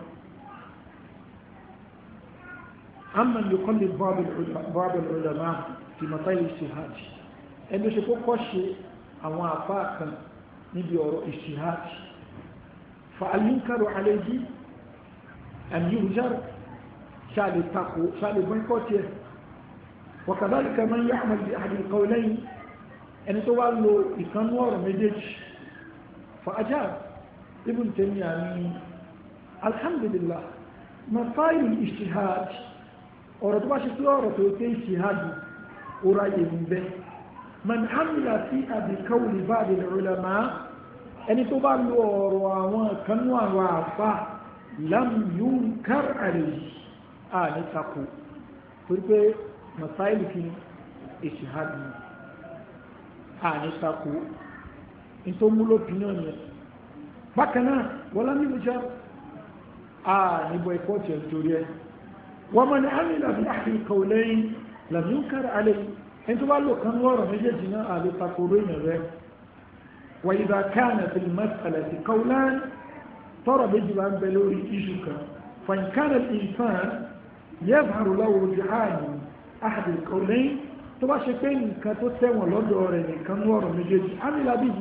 àmọ́ yòókọ́lé bọ́ọ̀bù ọ̀dọ̀má ti mọ̀tá ìṣèhàj ẹni ṣe kókọ́ ṣe àwọn àpá kan níbi ọ̀rọ̀ ìṣèhàj fa alínkàrò àlejì àmì ìrújára ṣáàlè tako ṣáàlè bọ́ńkọ́tì ẹ̀ وكذلك من يعمل بأحد القولين أن تقول له يكنور مدج فأجاب ابن تيمية الحمد لله مسائل الاجتهاد ọ̀rọ̀ tó bá ṣe pé ọ̀rọ̀ tó ké ìṣèhádì ọ̀rọ̀ ayé ń bẹ man amila fi àbíkáwò lè bá àdè ulama ẹni tó bá lo ọ̀rọ̀ àwọn kanú àwọn àfa lam yunkar alayhi à ní tako torí pé masáìlì fi ìṣèhádì à ní tako nítorí múlò pínyàn yẹn bákan náà wọlá ní ìjà à ní bọ̀ ẹ̀kọ́ tiẹ̀ nítorí ẹ̀. ومن عمل بأحد القولين لم ينكر عليه انتوا بقى له كان ورا مجدنا على تقولين به وإذا كان في المسألة قولان ترى بيجي بلوري إيشك فإن كان الإنسان يظهر له رجحان أحد القولين تبقى شكين كتوتين ولا دورين كان ورا مجدي عمل به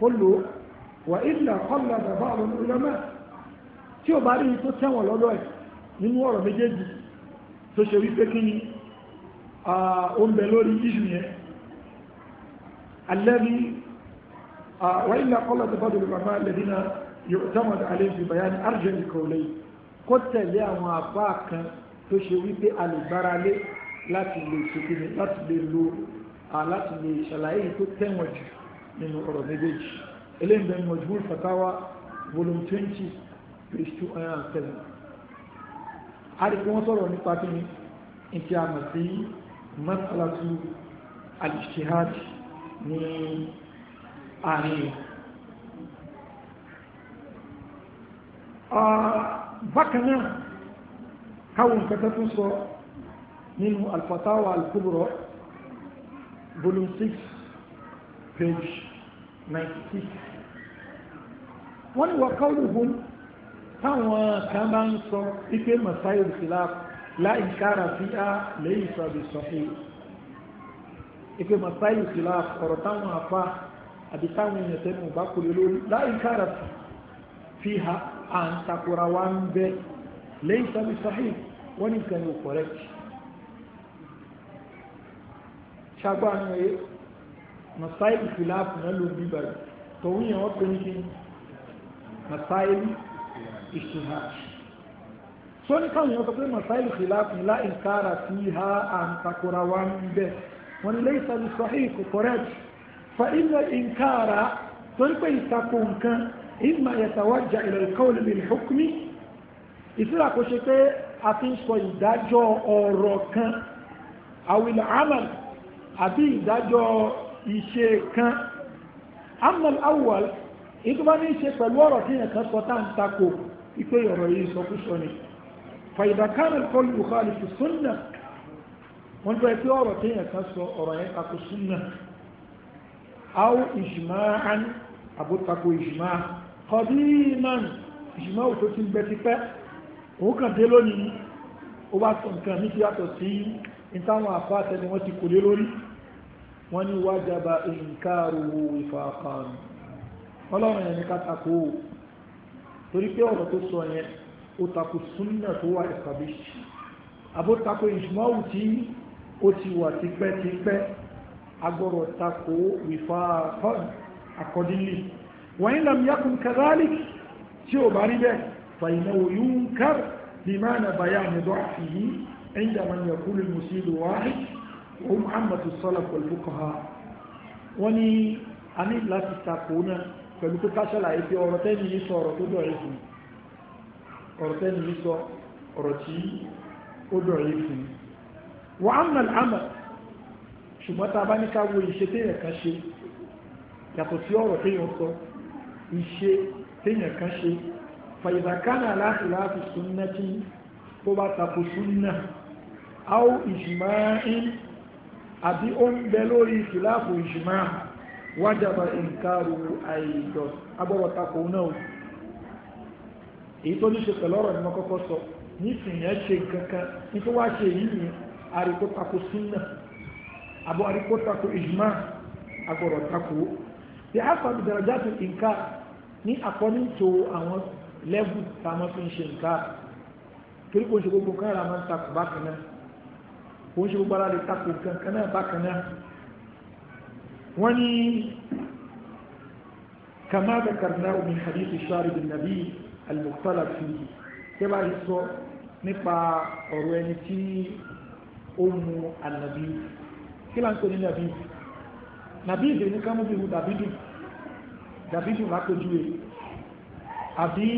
كله وإلا قلد بعض العلماء شو باري توتين ولا دورين nínú ọ̀rọ̀ méjèèjì tó ṣe wípé kí ni ó ń bẹ lórí ìṣù yẹn alẹ́rí wáyílá kọ́lá tó bọ́dọ̀ bàbá lẹ́dínà yóò dámọ̀dá alẹ́bí bayani arjẹ́ ìkọ̀ọ̀lẹ́ kó tẹ̀lé àwọn àbá kan tó ṣe wípé alìgbáralé láti lè ṣèkínni láti lè lo láti lè ṣàlàyé tó tẹ̀wọ̀n jù nínú ọ̀rọ̀ méjèèjì eléyìí bẹ́ẹ̀ mọ̀júwúr fatawa volume twenty page two hundred and seven àríkú wọ́n sọ̀rọ̀ nípa kí ni ìtí a mọ̀ sí mọ́sálásù al-ijtihad ní àárín bákan náà káwọn nǹkan tó sọ nínú al-fatawa volume 6 page 96 wọ́n ni wà káwọn táwọn kan bá ń sọ ipé masáyò khilaf láì kára sí á lẹ́yìn sọ̀bì sọ̀hí ipé masáyò khilaf ọ̀rọ̀ táwọn afá àbí táwọn èèyàn tẹnu bá kúrò lórí láì kára fi ha à ń takora wa ń bẹ lẹ́yìn sọ̀bì sọ̀hí wọ́n ní nǹkan yóò correct ṣàgbọ́n ẹ̀ masáyò khilaf náà ló bí tòun yẹn wọ́n pè ní masáyò ìṣìhàd tó ní káwọn èèyàn sọ pé masáìlì kìláàfù ńlá ìkára sí ha àǹtakora wa ń bẹ wọn ilé ìsàlù sahih kò correct fa inna ìkára tó ní pé ìtakò nǹkan ìmà yatawajja ila al-qawl bil-hukm ìsìlà kò ṣe pé a ti ń sọ ìdájọ́ ọ̀rọ̀ kan awil amal àbí ìdájọ́ ìṣe kan amal awwal ìtumọ̀ ní í ṣe pẹ̀lú ọ̀rọ̀ tí yẹn kan sọ tá à ń takò ìpé ọ̀rọ̀ yìí sọkúsọ ni fàyìdàkánà kọlu buhari fi súnnà wọ́n tó ẹgbẹ́ ọ̀rọ̀ tí yẹn kan sọ ọ̀rọ̀ yẹn tako súnnà aw ìṣìmáàn àbótakò ìṣìmá kọdíìmán ìṣìmá òtó ti ń bẹ ti pẹ́ òun kàn dé lónìí ó wá sọ nǹkan ní ti sí ìtàwọn àfáà tẹ́lẹ̀ wọ́n ti kò lé lórí wọ́n ní wájaba ìǹkaru ìfàkàn ọlọ́run ẹ̀ní kátàkó torí pé ọ̀rọ̀ tó sọ yẹn ó takò súnà tó wà established àbó takò ìjùmọ̀wù tí ó ti wà tipẹ́tipẹ́ agbọ́rọ̀ takò wìfà fún accordingly wọ́n yìí lam yakun kadhalik tí ó bá rí bẹ́ẹ̀ fàyìnàwó yunkar bimana bayani dọ́ọ̀fì inda man yakulu al-musidu wahid wa hum ammatu salaf wal fuqaha wani ani láti takò náà pẹ̀lú pé ká ṣàlàyé pé ọ̀rọ̀ tẹ́ni yìí sọ ọ̀rọ̀ tó dọ̀rí fún ọ̀rọ̀ tẹ́ni yìí sọ ọ̀rọ̀ tí ó dọ̀rí fún wọ́n á mọ̀ àmọ̀ ṣùgbọ́n tá a bá ní ká wo ìṣe téèyàn kan ṣe yàtọ̀ sí ọ̀rọ̀ téèyàn sọ ìṣe téèyàn kan ṣe fàyìdàkánà láti láti súnná tí tó bá tako súnná áó ìjùmọ́ àbí ó ń bẹ lórí ìfìláàfù ìjùmọ́ wájàbà ìǹkaru àìjọ agbọ́wọ̀takò náà èyí tó ní ṣe pẹ̀lú ọ̀rọ̀ ni wọ́n kọ́kọ́ sọ nísìnyí ẹ ṣe kankan ní tó wá ṣe yìí ni àríkótakò súnà àbọ̀ àríkótakò ìjùmá agbọ̀rọ̀takò bí a sọ àbí dàrájà tó ìǹkà ní according to àwọn lẹ́bù táwọn fi ń ṣe ìǹkà torí kò ń ṣe gbogbo kan ra máa ń takò bákan náà kò ń ṣe gbogbo ara lè takò kankan náà bákan náà wọ́n ní kama dhakarnahu min hadith sharib an-nabi al-mukhtalaf fihi tẹ́ bá yìí sọ nípa ọ̀rọ̀ ẹni tí ó mu ànàbí kí là ń pè ní nàbí nàbí ìdè ní kámú bí mu dàbídù dàbídù lápèjúwe àbí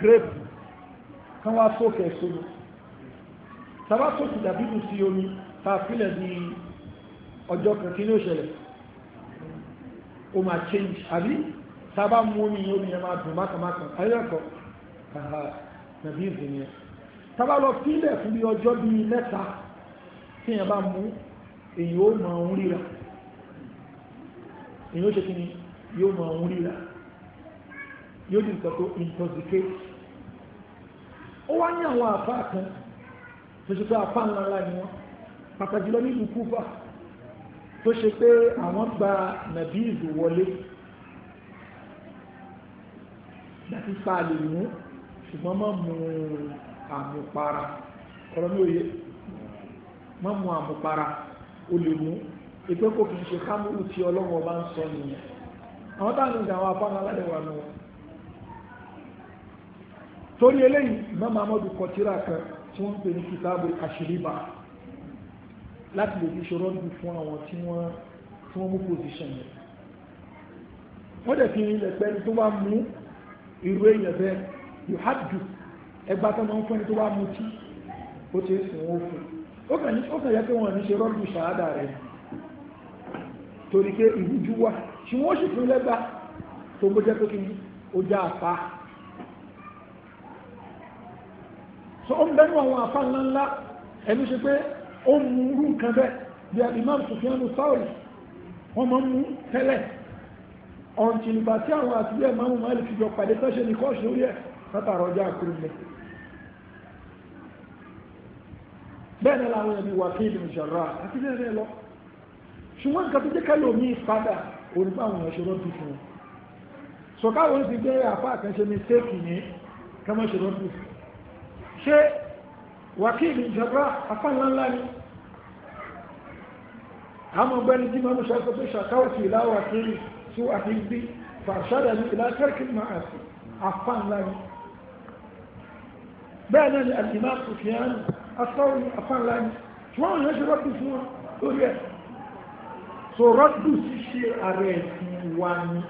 grape kan wá sókè sómi tàbá sókè dàbídù sí omi tá a fílẹ̀ ní ọjọ́ kan kí ní ó ṣẹlẹ̀ ó máa change àbí sábà mu omi yẹn omi yẹn máa dùn mákàmákàn na nàbí ìbùn yẹn sábà lọ sílẹ̀ fún bí ọjọ́ bíi mẹ́ta tí yẹn bá mú èyí ó máa ń ríra èyí ó ṣe kí ni yóò máa ń ríra yóò di nǹkan tó intoxicate ó wá ní àwọn àfáà kan tó ṣe pé àfáà ńlá ńlá ni wọ́n pàtàkì lọ nílùú kúfà tó ṣe pé àwọn gba nàbí ìlú wọlé láti pa lè mú ṣùgbọ́n má mú àmupara ọ̀rọ̀ ní òye má mú àmupara ó lè mú ìpé kò kì í ṣe kámúrù tí ọlọ́wọ́ bá ń sọ nìyẹn àwọn táwọn ìjà àwọn afáwọn aládẹ́wà nù wọn torí eléyìí mọ́mọ́ amọ́dù kọtíra kan tí wọ́n ń pè ní kìtàbù àṣírí bàá láti lè fi ṣòro níbi fún àwọn tí wọ́n tí wọ́n mú position yẹn wọ́n dẹ̀ fi ilẹ̀ pẹ́ni tó bá mú irú èèyàn bẹ́ẹ̀ you have to ẹgbà tó máa ń fẹ́ni tó bá mú tí ó ti sìn ó fún ó kàn ní ó kàn yẹ pé wọ́n ní ṣe rọ́ọ̀dù ṣàádà rẹ̀ torí pé ìrújú wà tí wọ́n sì fún lẹ́gbà tó gbọ́jẹ́ pé kí ó já àpá so ó ń bẹ́nu àwọn àpá ńláńlá ẹnu ṣe pé ó mú irú nǹkan bẹ́ẹ̀ bí alimam Sufyan Thawri wọ́n máa ń mú tẹ́lẹ̀ ọ̀ǹtì nígbà tí àwọn àti bí ẹ̀mọ́ àwọn máàlì fìjọ pàdé tọ́ṣe ní kọ́ọ̀ṣì lórí ẹ̀ látàrọ ọjọ́ àkúrú lẹ̀ bẹ́ẹ̀ ni láwọn ẹni wà fún ìlú ìṣọ̀rọ̀ àti bẹ́ẹ̀ bẹ́ẹ̀ lọ ṣùgbọ́n nǹkan tó jẹ́ káyọ̀ mí padà onípa àwọn ìṣòro bí fún un sọ káwọn ti gbé àpá àkànṣe mi séèkì ní kẹ́mọ́ ìṣòro bí fún un ṣé wákìlì ìjọba apáńláńlá ni àmọ́ ọgbẹ́ni tí máa mú ṣàkóso tó ṣàkáwòsì ìlàwọ̀ àkílì tó àhìgbí fàṣádà ní ìlà tẹ́rkìlì máa ni bẹ́ẹ̀ náà ni àdìmá sùfìyàn asáwòrì apáńlá ni ṣùgbọ́n àwọn ìyẹn so rọ́pù ṣíṣe ààrẹ ẹ̀sìn wa ni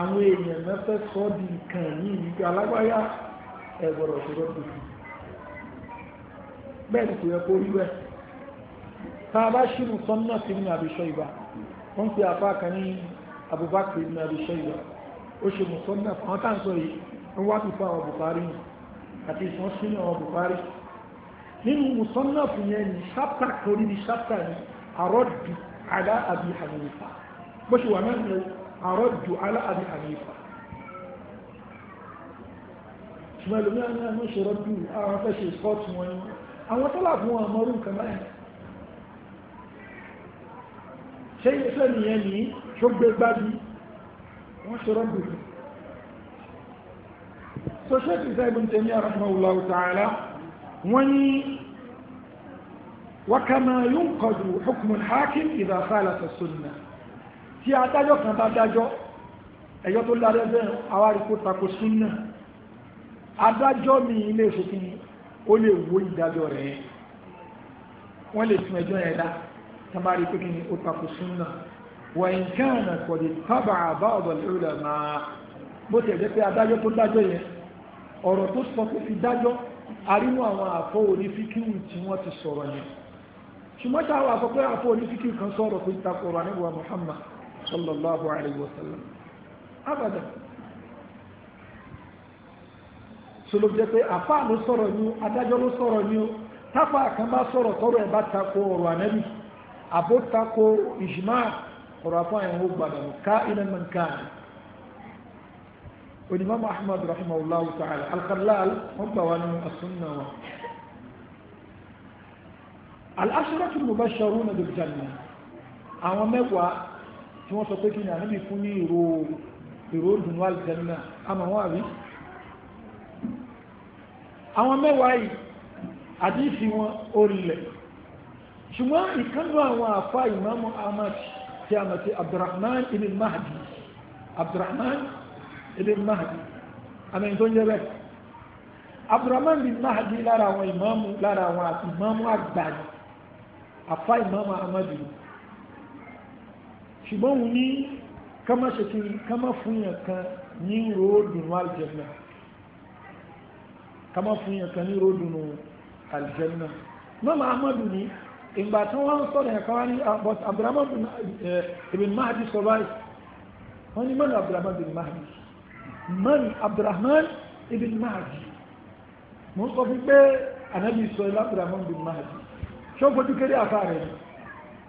àwọn èèyàn mẹ́fẹ́ sọ́ di nǹkan yìí nígbà alágbáyà ẹ̀gbọ̀rọ̀ ṣe rọ́pù bẹ́ẹ̀ ni kò yẹ kó rí bẹ́ẹ̀ tá a bá ṣírù sọ́nà sí ní Abi Shayba wọ́n ti àpá kan ní Abubakar ní Abi Shayba ó ṣe mùsọ́nà àwọn tá à ń sọ yìí ń wá tó fún àwọn Bukhari nù àti ìsàn sí àwọn Bukhari nínú mùsọ́nà fún yẹn ní ṣáptà kan ní ṣáptà ní àrọ́dù alá Abi Hanifa bó ṣe wà náà àrọ́dù alá Abi Hanifa ṣùgbọ́n ẹlòmíràn náà ń ṣe rọ́dù àwọn afẹ́ṣe spọ́ọ̀tù wọn àwọn tó làbùn wọn mọ́rú nǹkan báyìí ṣe iṣẹ́ nìyẹn ní ṣógbé gbájú wọ́n ṣe rọ́gbù so ṣe ti sẹ́ ibùn tẹ́mí rahimahullahu ta'ala wọ́n ní wakama yunqadu hukmun hakim idha khalafa ẹ̀yọ́ tó lárẹ́ bẹ́ẹ̀ awárí kó adájọ́ mi ilé ìṣòfin ó lè wo ìdájọ́ rẹ̀ yẹn wọ́n lè sun ẹjọ́ yẹn dá tamari pé kí ni ó takò sunna wọ̀nyí kẹ́hìnà kò lè tábà àbá ọ̀dọ̀ lórílẹ̀ máa bó ti ẹ̀jẹ̀ pé adájọ́ tó dájọ́ yẹn ọ̀rọ̀ tó sọ pé fi dájọ́ arínú àwọn àfọ tí wọ́n ti sọ̀rọ̀ yẹn ṣùgbọ́n tá a wà sọ pé àfọ onífíkìwù kan sọ̀rọ̀ pé takò rà Muhammad abada sọlọ jẹ pé àfáà ló sọ̀rọ̀ ni o adájọ́ ló sọ̀rọ̀ ni o táfà kan bá sọ̀rọ̀ tọrọ ẹ̀ bá tako ọ̀rọ̀ ànábì àbó tako ìjìmá ọ̀rọ̀ àfáà yẹn ó gbàdọ̀ ká ilẹ̀ mọ̀ ká onímọ̀ Ahmad rahimahullah ta'ala alkalal wọn gbà wá nínú asúnà wọn. al-ashratu mubashsharuna bil jannah àwọn mẹ́wàá tí wọ́n sọ pé kí ni ànábì fún ní ìró ìró dùnú al-jannah àmọ́ wọn àrí àwọn mẹ́wàá yìí àdífì wọn orílẹ̀ ṣùgbọ́n ìkánú àwọn àfá ìmáàmù ahmad tí a mọ̀ sí abdurrahman ibn mahdi abdurrahman ibn mahdi àmì tó ń jẹ́ bẹ́ẹ̀ abdurrahman ibn mahdi lára àwọn ìmáàmù lára àwọn ìmáàmù àgbàdì àfá ìmáàmù ahmad ṣùgbọ́n òun ní ká má kan ní ròó dùnú àlùjànnà kama fún yẹn kan ní ròdùnú aljanna mọ́mọ́ amadu ni ìgbà tí wọ́n sọ̀rọ̀ yẹn kan wá ní ah, but abdulhamid eh, ibn mahdi sọ báyìí wọ́n ní mọ́nà abdulhamid ibn mahdi mọ́nà abdulhamid ibn mahdi mo sọ fún pé anabi sọ ilé abdulhamid ibn mahdi ṣé o fojú kéré àfa rẹ̀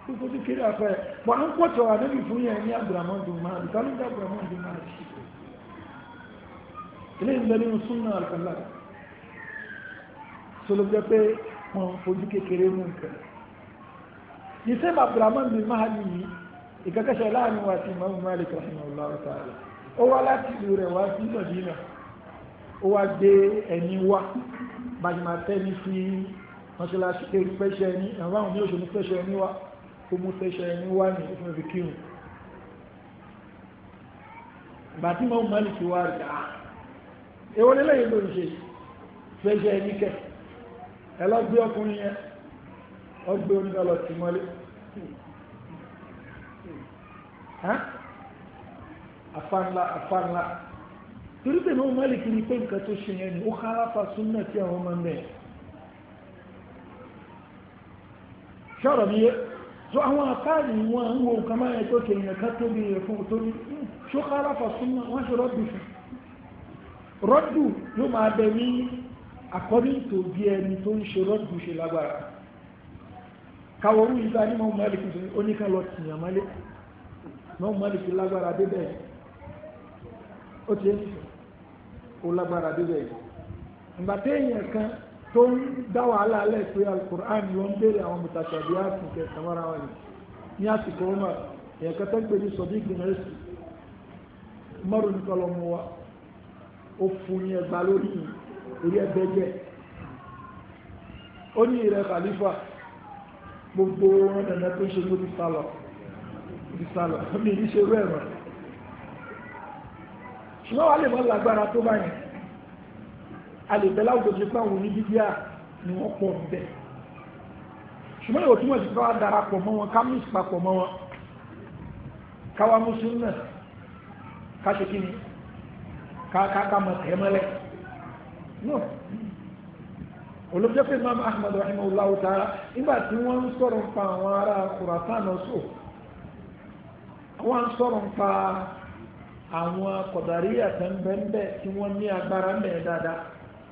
o fojú kéré àfa rẹ̀ bọ̀ à ń pọ̀tọ̀ anabi fún yẹn ní abdulhamid ibn mahdi kálí ní abdulhamid mahdi ilé ìgbẹ́ni sunna alkallah tó ló jẹ́ pé wọ́n ń fojú kékeré mú nǹkan yìí abdulrahman bin mahali yìí ìkẹ́kẹ́ṣẹ́ láàrin wa ti imam malik rahimahullah ta'ala ó wá láti ìlú rẹ̀ wá sí madina ó wá gbé ẹni wá bàjìmá tẹ́ni sí mọ́ṣáláṣí kéwì pẹ́ṣẹ́ ẹni àwọn àwọn oníṣòwò ní pẹ́ṣẹ́ ẹni wá ó mú pẹ́ṣẹ́ ẹni wá ní ìfún ìfi kírun bàtí imam malik wá rẹ̀ á èwo lélẹ́yìn ló ń ṣe pẹ́ṣẹ́ ẹni kẹ́ẹ̀ ẹlọ́gbé ọkùnrin yẹn ọgbé onígbàlọ̀ tí mọ́lé afánlá afánlá torí pé náà mọ́lé kí ni pé nǹkan tó ṣe yẹn ni ó kára fa súnmọ́ tí àwọn ọmọ mẹ́ ṣọ́rọ̀ mi yé so àwọn afáàlì wọn ń wo nǹkan máa yẹ tó ṣe yẹn ká tóbi yẹn fún tó hmm, ṣó kára fa súnmọ́ wọ́n ṣe rọ́dù fún rọ́dù yóò máa bẹ ní àkọ́rí tó bí ẹni tó ń ṣe rọ́dù ṣe lágbára kàwọrú ìgbà ní mọ́mú malik tó ní oníkàlọ́ tìyàn mọ́lé mọ́mú malik lágbára débẹ̀ ó ti ó lágbára débẹ̀ ìgbà téèyàn kan tó ń dá wàhálà alẹ́ pé alukur'an ni wọ́n ń béèrè àwọn mùtàṣàbí àtúnkẹ́ samara wọn ní àsìkò ọmọ èèyàn kan ń pè ní sọdí gbìyànjú mọ́rùn-ún kọlọ́mù wa ó fún yẹn gbà lórí yìí orí ẹgbẹ́jẹ́ ó ní ìrẹ́ kàlífà gbogbo wọn dẹ̀dẹ̀ tó ṣe ló ti sálọ ti sálọ ní ìṣe rú ẹ̀rọ ṣùgbọ́n wà lè mọ́ lágbára tó bá yẹn a lè bẹ láwùjọ tó pàwọn oníbíbíà ni wọ́n pọ̀ ń bẹ̀ ṣùgbọ́n ìwò túmọ̀ sí pé wọ́n darapọ̀ mọ́ wọn ká mìs papọ̀ mọ́ wọn káwa mùsùlùmí ká ṣe kí ni ká ká ká mọ̀ tẹ́ mọ́lẹ̀ náà olùjẹ́ pé imam ahmed rahimahullahu ta'ala nígbà tí wọ́n ń sọ̀rọ̀ nípa àwọn ará Khurasan ọ̀ṣọ́ wọ́n ń sọ̀rọ̀ nípa àwọn kọ̀dàríyà tó ń tí wọ́n ní agbára mẹ́ẹ̀ dáadáa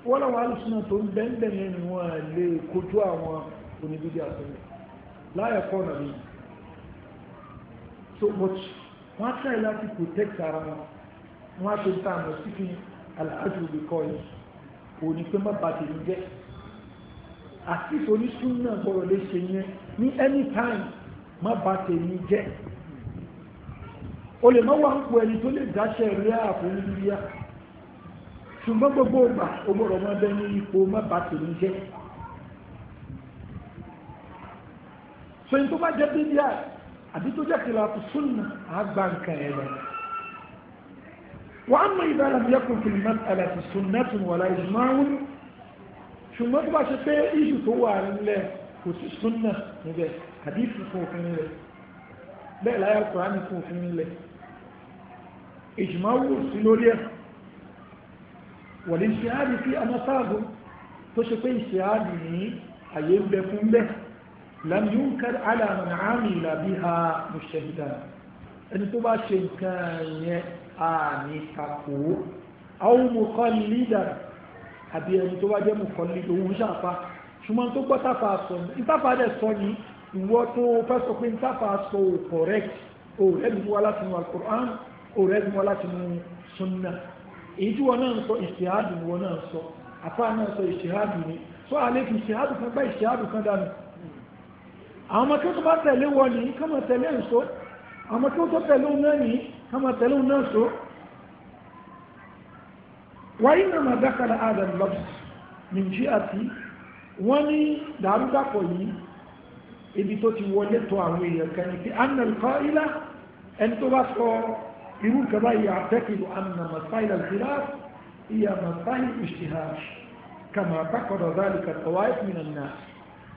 wọ́n làwọn alùsùnà tó ń ni wọ́n lè kojú àwọn oníbíbí àtúnyẹ̀ láyọ̀ kọ́ ọ̀nà mi so much wọ́n òní pé má bàtì ní jẹ́ àti oníṣun gbọ́dọ̀ lè ṣe yẹn ní anytime má bàtì ní jẹ́ o lè má wà ń pọ̀ ẹni tó lè dáṣẹ́ rí ààfin níbi ṣùgbọ́n gbogbo ìgbà o gbọ́dọ̀ má bẹ ní ipò má bàtì ní jẹ́ sọyìn tó bá jẹ́ bíbí àbí tó jẹ́ kìlà fún súnà àgbà nǹkan ẹ̀ وأما إذا لم يكن في المسألة سنة ولا إجماع شو ما تبقى شفاء إيش هو على يعني الله والسنة نبات يعني حديث يكون في الله لا الآية القرآن يكون في الله إجماع السلولية والانشهاد في أمصاده فشفاء انشهاده هيبدأكم به لم ينكر على من عمل بها مجتهدا أن تبع شفاء àmì kàkó àwọn mọ̀kọ́ lídà àbí ẹni tó wá jẹ́ mọ̀kọ́ lídà òun ṣàfà ṣùgbọ́n tó gbọ́ táfà sọ ìtàfà dẹ̀ sọ ní ìwọ tó fẹ́ sọ pé ìtàfà sọ ò correct ò rẹ́mi wá láti nu alukur'an ò rẹ́mi wá láti nu sunna èyí tí wọn náà ń sọ ìṣèhádù wọn náà ń sọ àfà náà sọ ìṣèhádù ni ní kama tẹ̀lé náà so wáyé náà máa dákàrà adam lọ́pù nìjí àti wọ́n ní dàrúdàpọ̀ yìí ibi tó ti wọlé tó àwọn èèyàn kan ní pé anna al-qa'ila ẹni tó bá sọ irú nǹkan báyìí àtẹ́kìlú anna masáìlì al-khilaf iya masáìlì kama taqada dhalika tawaif min an-nas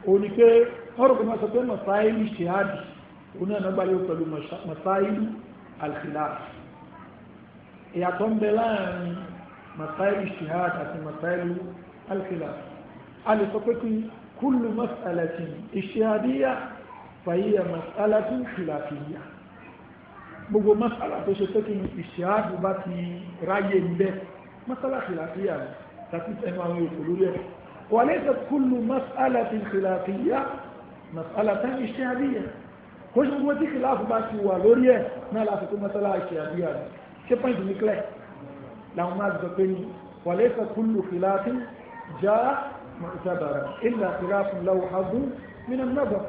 ó ní pé ọ̀rọ̀ kan máa sọ pé masáìlì ijtihad òun náà pẹ̀lú masáìlì alkhilaf ìyàtọ̀ ń bẹ láàrin masáìlì shihad àti masáìlì alkhilaf a lè sọ pé kí kúlù masalatin ìṣehadíyà fàyíyà masalatin khilafiyya gbogbo masala tó ṣe pé kí ìṣehadù bá ti ráyè ń bẹ masala khilafiyya ni tàbí ẹnu àwọn èkó lórí ẹ̀ wà lẹ́sẹ̀ kúlù masalatin khilafiyya masalatan ìṣehadíyà kó ṣe gbogbo tí kìláàfù bá ti wà lórí ẹ̀ náà láti tó mọ́sálásí àbíyà rẹ̀ ṣé pọ́ìntì ní clear làwọn máa zọ pé ní wàlẹ́sà kúlù kìláàfù já mọ̀tàbàrà ìlà kìláàfù lọ́wọ́ agún nínú nọ́bọ̀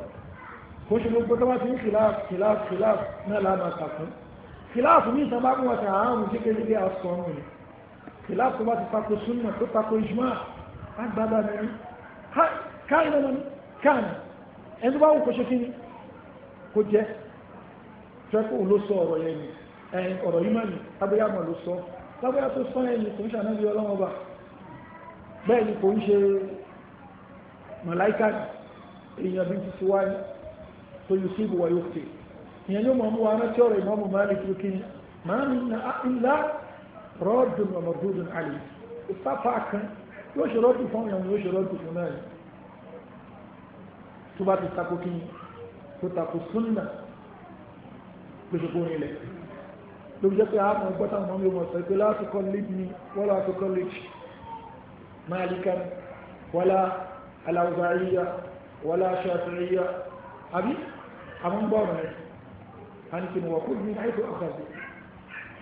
kó ṣe gbogbo tó bá ti ní kìláàfù kìláàfù kìláàfù náà láàmà kàkún kìláàfù ní ìtàn bá kún wọn ti àárùn ẹni tó bá wù kó ṣe kí ni kó jẹ́ tẹ́kùn ló sọ ọ̀rọ̀ yẹn ni ẹ̀yìn ọ̀rọ̀ yìí mọ̀ ní lágbéyàmọ̀ ló sọ lágbéyà tó sọ ẹ̀yìn kò ń ṣànábi ọlọ́wọ́ bá bẹ́ẹ̀ ni kò ń ṣe màláìkà èèyàn bí títí wá tó yù sí ìbùwà yóò fè ìyẹn yóò bá ti takò tó takò súnà ló ṣe kórin ilẹ̀ ló jẹ́ pé àmọ́ gbọ́tà mọ́ mi mọ̀ sọ pé látòkọ́ libni wala tuqallid malikan wala aláwùzáríyà wala ṣàtìríyà àbí àwọn ń bọ̀rọ̀ rẹ̀ a ní kí ni wọ́n kó ní àìsàn àkàzì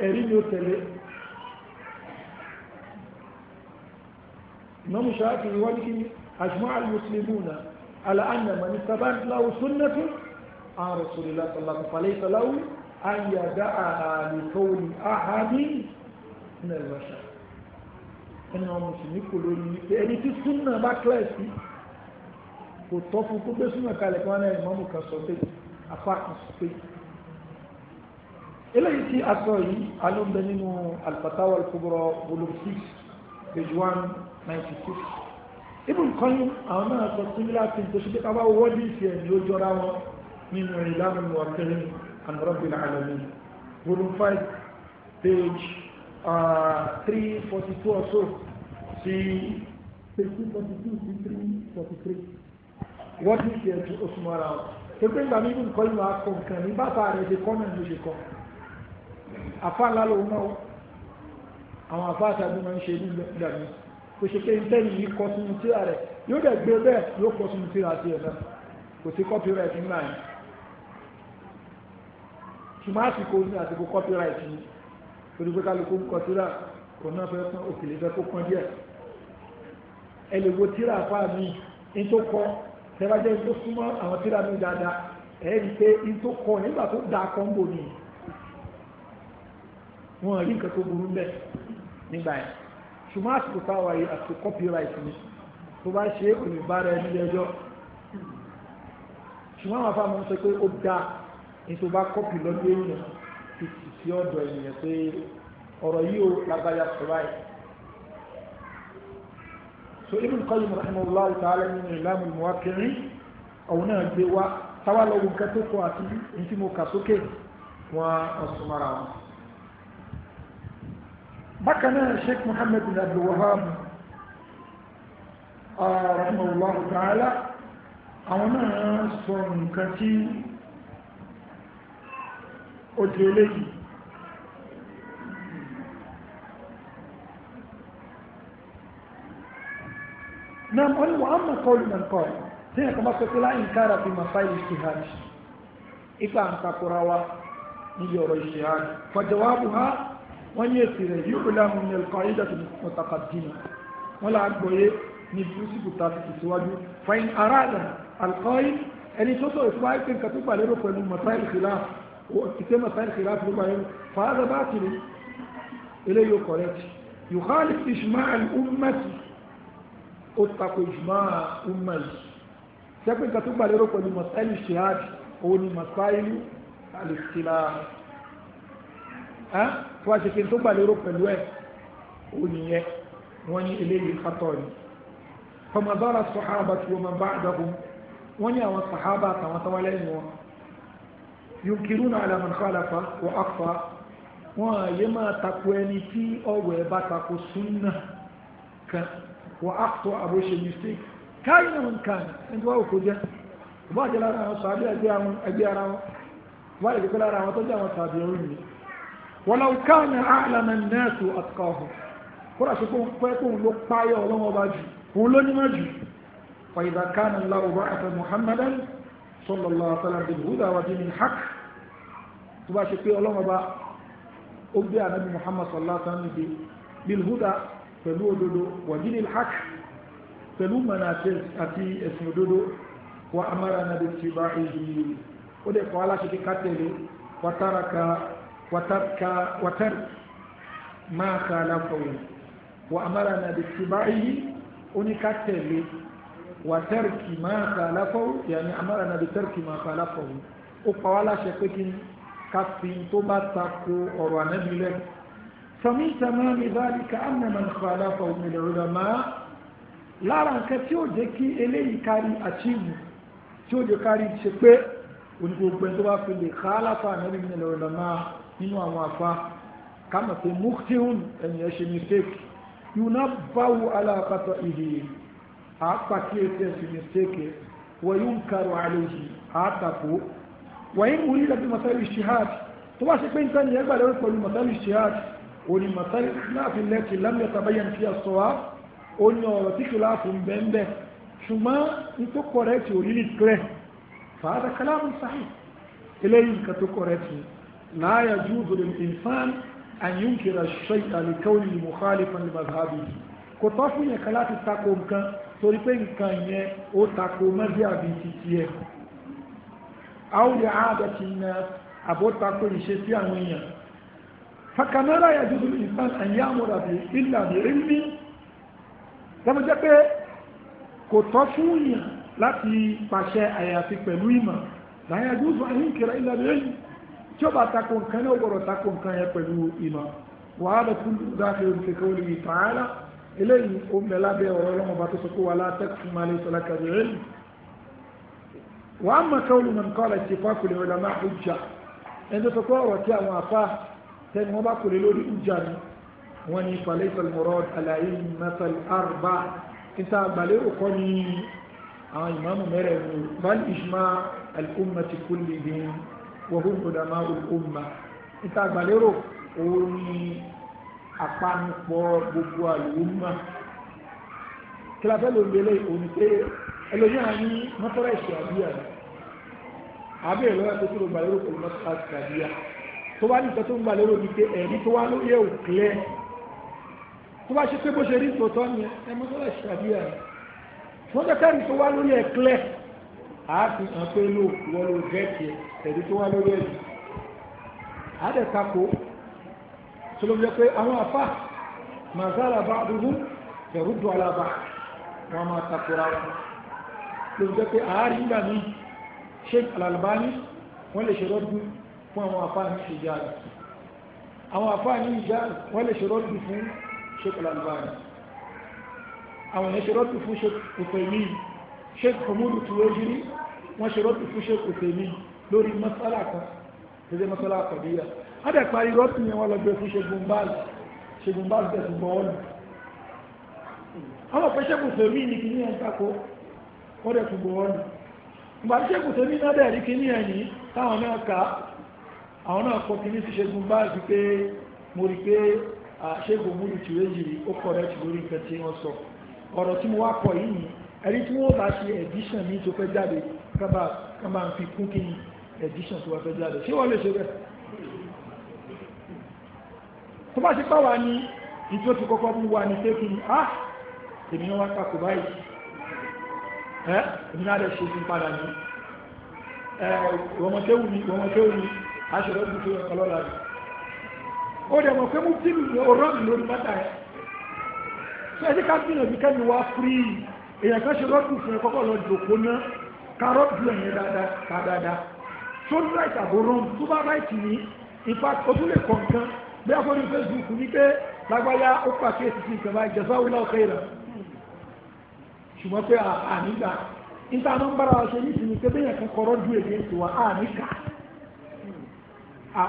ẹ̀rí ni ó tẹ̀lé إمام الشافعي يقول أجمع المسلمون على أن من استبانت له سنة عن رسول الله صلى الله عليه وسلم فليس له أن يدعها لقول أحد من البشر ẹni àwọn mùsùlùmí kò lórí wípé ẹni tí súnà bá kílẹ̀sì kò tọ́ fún kó gbé súnà kalẹ̀ kí kan sọ pé apá kan sọ pé eléyìí tí a yìí alóńgbẹ nínú al-Fatawa volume six page one ninety six ibùn àwọn náà sọ similar thing tó ṣe pé ká wọ́ọ́dì ìfẹ́ ni ó jọra wọn nínú ìlànà muwakilin and rabbil alamin volume five page uh, three forty two or so sí three forty two sí three forty three wọ́n ti ṣe ẹ̀jú oṣù mọ́ra ọ̀ pépé ìgbà mímú nǹkan ìlú akọ nǹkan ní bàbá rẹ̀ ṣe kọ́ náà ló ṣe kọ́ àfa ńlá lòun náà àwọn àfa àtàgbé máa ń ṣe nígbà míì kò ṣe pé ntẹ́ni yìí kọ́ sínú tíra rẹ̀ yóò dẹ̀ gbé bẹ́ẹ̀ yóò kọ́ sínú tíra tiẹ̀ náà kò sí copyright nígbà yẹn ṣùgbọ́n àsìkò ní àsìkò copyright ni torí pé kálukú ń kọ síra òun náà fẹ́ pọ́n òkèlè fẹ́ kó pọ́n díẹ̀ ẹ lè wo tíra àfáà mi ní tó kọ tẹ́lájẹ́ tó súnmọ́ àwọn tíra mi dáadáa ẹ̀ rí pé ní tó kọ nígbà tó da kọ́ńbò ni wọ́n rí nǹkan tó burú bẹ́ẹ̀ nígbà yẹn ṣùgbọ́n àsìkò táwa yìí àsìkò copyright ni tó bá ṣe é kò ní bára ẹni lẹ́jọ́ ṣùgbọ́n àwọn afáàmù sọ pé ó dáa nítorí bá kọ́pì lọ́dún èèyàn ti sì sí ọ̀dọ̀ ènìyàn pé ọ̀rọ̀ yìí ó lágbájá sọ̀rọ̀ àyè. so Ibn Qayyim rahimahullahu ta'ala nínú I'lam al-Muwaqqi'in ọ̀hún náà gbé wá táwa lọ́wọ́ nǹkan tó kọ́ àti ní tí mo kà sókè wọn ọ̀sùn mara wọn. bákan náà Sheikh Muhammad bin Abdul Wahhab ah, rahimahullahu ta'ala àwọn náà sọ nǹkan tí ó di eléyìí náà wọ́n ni wọ́n á mọ̀ kọ́ olùmọ̀ nǹkan ẹ̀ tí ẹ̀kọ́ bá pẹ́pẹ́ láì ń kára fi mọ̀ fáìlì ìṣèhàdì ipa àǹtakùra wa níbi ọ̀rọ̀ ìṣèhàdì fọ̀jọ̀wábù ha wọ́n ní èsì rẹ̀ yóò kó láàmú ní ẹ̀kọ́ ayédàtì mọ̀tàkàdínà wọ́n là á gbọ́yé ní bíúsìkù tá a ti tẹ̀síwájú fain ẹni tó sọ̀rọ̀ fún àìsàn lérò pẹ̀lú mọ̀tàkìlá ikema sani khilaf ló máa ń fa hada batil eléyìí ó correct yukhalif ijma al-ummati ó tako ijma umma yìí sẹ́pẹ́ nǹkan tó gbàlérò pẹ̀lú masáìlì shihad òun ni masáìlì alìsílá tó a ṣe kí n tó gbàlérò pẹ̀lú ẹ̀ òun nìyẹn wọ́n ní eléyìí kátọ́ ni famadara sahaba tí wọ́n máa bá àdàgùn wọ́n ní àwọn sahaba àtàwọn tọ́wọ́lẹ́yìn wọn yunkiruna ala man khalafa wa akfa wọn àyè máa takò ẹni tí ọwọ́ ẹ bá takò súnà kan wa akfa àbóṣe mistake káyìn náà nǹkan ẹni wá òkú jẹ ìbá jẹ lára àwọn sàbí ẹgbẹ́ ara wọn ìbá jẹ pé lára àwọn tó jẹ àwọn sàbí ẹrú mi wọn lọ káyìn àlànà nẹẹsù àtúkọọhùn kódà sí fún pé kóun ló páyọ ọlọ́wọ́ jù òun ló ní má jù fàyìdà káyìn láwùrọ̀ àti muhammadan sallallahu alaihi wasallam bilhuda wa dinil haq tó bá ṣe pé ọlọ́run ọba ó gbé ànábì muhammad sallallahu alaihi wasallam níbi bilhuda pẹ̀lú òdodo wa dinil haq pẹ̀lú mọ̀nà àti ẹ̀sìn òdodo wa amara nàbí tìbá ìhì ó dẹ̀ kọ́ aláṣẹ kí ká tẹ̀lé wàtàràkà wàtàràkà wàtàrì máa kà á láfọ̀wé wa amara nàbí tìbá ìhì ó ní ká tẹ̀lé wàtẹ́rìkì máa kàlàfọ́ yàní amára nàbí tẹ́rìkì máa kàlàfọ́ ó pa wá láṣẹ pé kí káfí tó bá tako ọ̀rọ̀ ànábì lẹ́ sọmí tamami báyìí ká àmì máa kàlàfọ́ nílẹ̀ rẹ̀ máa lára nǹkan tí ó jẹ́ kí eléyìí kárí àchíìmù tí ó jẹ́ kárí ṣe pé onígbogbo ẹni tó bá fi lè kàlàfọ́ ànábì nílẹ̀ rẹ̀ máa nínú àwọn afá kámọ̀ pé mukhtihun ẹ̀yìn ẹ̀ ṣe mistake yunabawu alápatọ̀ ìdíyẹ àápàkíyèsí ẹ̀sìn mistake wọ́n yóò ń karọ̀ àlejì àátàkó wọ́n yóò rí láti masari shihad tó wá sí pé nǹkan ni ẹgbàá lórí pẹ̀lú masari shihad òní masari láàfin lẹ́kì lámìlẹ̀ tàbáyà fi ọ̀sọ̀ wá ó ní ọ̀rọ̀ tí kìláàfù ń bẹ́ ń bẹ́ ṣùgbọ́n ní tó correct òrí lè clear fàádà kalamu sahih eléyìí nǹkan tó la yajuzu lil an yunkira shay'a li mukhalifan li madhhabihi kò tọ́ fún torí pé nǹkan yẹn ó tako mọ́bí àbí títí ẹ̀ àwòrán àádọ́tí na àbótakò ìṣe sí àwọn èèyàn fakamẹ́rà yàjúdú ìsàn àyà àmúra bí ìlà bí rímí lọ́mọ jẹ́ pé kò tọ́ fún èèyàn láti pàṣẹ àyàfi pẹ̀lú ìmọ̀ láyàjúdú àyíkìrá ìlà bí rímí tí ó bá tako nǹkan náà gbọ́dọ̀ tako nǹkan yẹn pẹ̀lú ìmọ̀ wàhálà kúndùn dáhùn fi kọ́wé eléyìí ó ń bẹ lábẹ́ ọ̀rọ̀ ọlọ́run ọba tó sọ pé wà látẹ́kù fún malẹ̀ ìtọ́lá kàdé rẹ̀ nù wà á mọ̀ káwọn olùmọ̀nìkọ́ rẹ̀ ti fà kùlẹ̀ ọ̀là máa ń jà ẹni tó sọ pé ọ̀rọ̀ tí àwọn afá tẹni wọn bá kùlẹ̀ lórí ń jà ni wọn ni falẹ̀ ìtọ́lùmọ̀rọ̀ àlàyé mẹ́tàlì àrùbá níta àgbàlérò kọ́ ni àwọn ìmáàmù mẹ́rẹ̀ẹ̀rin bal ìṣmá al'ummati kullihim wa hum ulama al'umma níta àgbàlérò òun ni àpanupọ̀ gbogbo àlùmọ́ kílàfẹ́ ló ń gbélé òní pé ẹlòmíràn ní mọ́tọ́rọ̀ ìṣẹ́ àbíyà rẹ̀ àbí ẹ̀rọ ẹ̀kọ́ tó ń gbà lérò pẹ̀lú mọ́tọ́rọ̀ ìṣẹ́ àbíyà tó bá ní nǹkan tó ń gbà lérò ní pé ẹ̀rí tó wá lórí ẹ̀ ò kílẹ̀ tó bá ṣe pé bó ṣe rí tòótọ́ ni ẹ mọ́tọ́rọ̀ ìṣẹ́ àbíyà rẹ̀ wọ́n jẹ́ kẹ́rì tó wá lórí ẹ̀ kílẹ̀ àáfi hàn pé lóòkú wọ́n ló gẹ́ẹ̀kì ẹ̀rí tó wá lórí ẹ̀ tó ló jẹ́ pé àwọn afá mazala bá dúdú ẹ̀rú dùn alábà wọn máa takora wọn tó ló jẹ́ pé àárín ìgbà ní Sheikh Al-Albani wọ́n lè ṣe rọ́dù fún àwọn afá ní Hijaz àwọn afá ní Hijaz wọ́n lè ṣe rọ́dù fún Sheikh Al-Albani àwọn yẹn ṣe rọ́dù fún Sheikh Uthaymeen Sheikh Hamoud Tuwajiri wọ́n ṣe rọ́dù fún Sheikh Uthaymeen lórí masala kan gẹ́gẹ́ masala kọ̀díyà adẹ̀ parí rọ́pì yẹn wọ́n lọ gbé e fún ṣegun báàlì ṣegun báàlì tẹ̀sùn bọ́ọ̀lù àwọn pé ṣẹ́gun sèmí ni kìíní ẹ̀ ń tako wọ́n dẹ̀ tún bọ́ọ̀lù ìgbà tí ṣẹ́gun sèmí náà dẹ̀ rí kìíní ẹ̀ ní táwọn náà ká àwọn náà kọ kìíní sí ṣegun báàlì pé mo rí pé ṣẹ́gun múlù tìrẹ́ yìí ó kọ̀ rẹ̀ tì lórí nǹkan tí wọ́n sọ ọ̀rọ̀ tí mo wá kọ yìí ẹni tí wọ́n bá ṣe edition mi tó fẹ́ jáde kábà ń fi kún kí edition tó wá fẹ́ jáde ṣé wọ́n lè ṣe bẹ́ẹ̀ tó bá ṣe pàwà ní ìtí ó ti kọ́kọ́ mú wa ní tẹ́kì ní á èmi náà wá pàkó báyìí ẹ́ èmi náà rẹ̀ ṣe fún padà ní ọmọkéwù ní ọmọkéwù ní aṣọ́rọ̀ bí tó ẹ̀kọ́ lọ́la rẹ̀ ó dẹ̀ mọ̀ pé mú tí mi ọ̀rọ̀ mi lórí mọ́ta ẹ̀ tó ẹ̀jẹ̀ ká gbìyànjú bí kẹ́mi wá fúrí èèyàn kan ṣe rọ́ọ̀dù fún ẹ kọ́kọ́ lọ jòkó náà ká rọ́ọ̀dù ẹ̀yẹn dáadáa bá ráìtì ní ìfà ó tún bí a kò ní facebook ní pé lágbáyá ó pàkíyèsí sí ìjọba ìjọsáwìlá ọ̀kẹ́ rẹ̀ ṣùgbọ́n pé ànígbà níta máa ń bára wa ṣe ní ìsinmi pé bẹ́yẹn kan kọ́rọ́ ju èdè ètò wa àníkà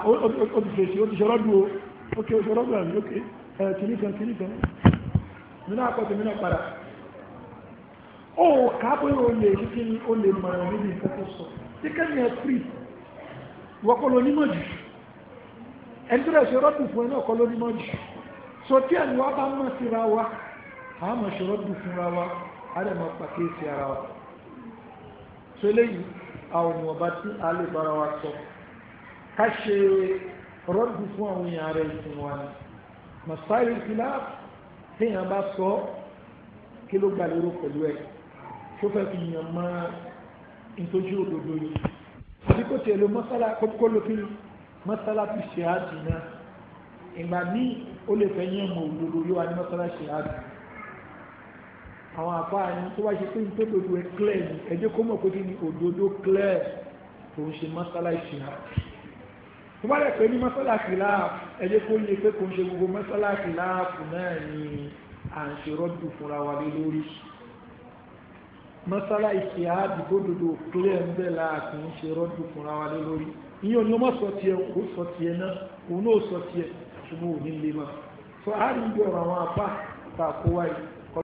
olùfèsì ó ti ṣọ́rọ́ dúró ókè ó ṣọ́rọ́ dúró lókè kìíní kan kìíní kan nínú àpọ̀tẹ̀ nínú padà ó kà á pé o lè ní kí ni o lè mọ̀ràn níbi nǹkan tó sọ tí kẹ́mi ẹ̀ pírì wọ́pọ̀ lọ onímọ̀ jù ẹni tó rẹ̀ ṣe rọ́dù fún ẹ náà kọ́ lórí mọ́jù so ẹni wá bá mọ̀ síra wa a mọ̀ ṣe rọ́dù fúnra wa a lè mọ̀ pàkíyèsí ara wa so eléyìí àwọn ènìyàn bá tí a lè bára wa sọ ká ṣe rọ́dù fún àwọn èèyàn rẹ̀ ìsìn wa ni masáyé ìfìlà téèyàn bá sọ kí ló gbà lérò pẹ̀lú ẹ̀ tó fẹ́ fi yàn mọ́ ìtọ́jú òdodo yìí àbí tiẹ̀ lo mọ́sálà kó kó lo mọ́sálásí ṣe àjì náà ìgbà ní ó lè fẹ́ yẹn mọ̀ òdodo yóò wá ní mọ́sálásí ṣe àjì àwọn àpá ẹni tó wá ṣe pé ní tó dodo ẹ clear ni ẹjẹ kó mọ̀ pé kí ni òdodo clear tó ń ṣe mọ́sálásí ṣe àjì tó bá rẹ̀ pé ní mọ́sálásí láàfù ẹjẹ kó lè pé kò ń ṣe gbogbo mọ́sálásí láàfù náà ni à ń ṣe rọ́dù fúnra wa lé lórí mọ́sálásí ṣe àjì dodo clear ń bẹ̀ láàfù ń ṣe rọ́dù fúnra wa lé lórí ìyẹn ni ó mọ́ sọ tiẹ̀ ó sọ tiẹ̀ náà òun náà sọ tiẹ̀ ṣùgbọ́n òun ní lè máa sọ àárín ìjọ àwọn apá tá wáyé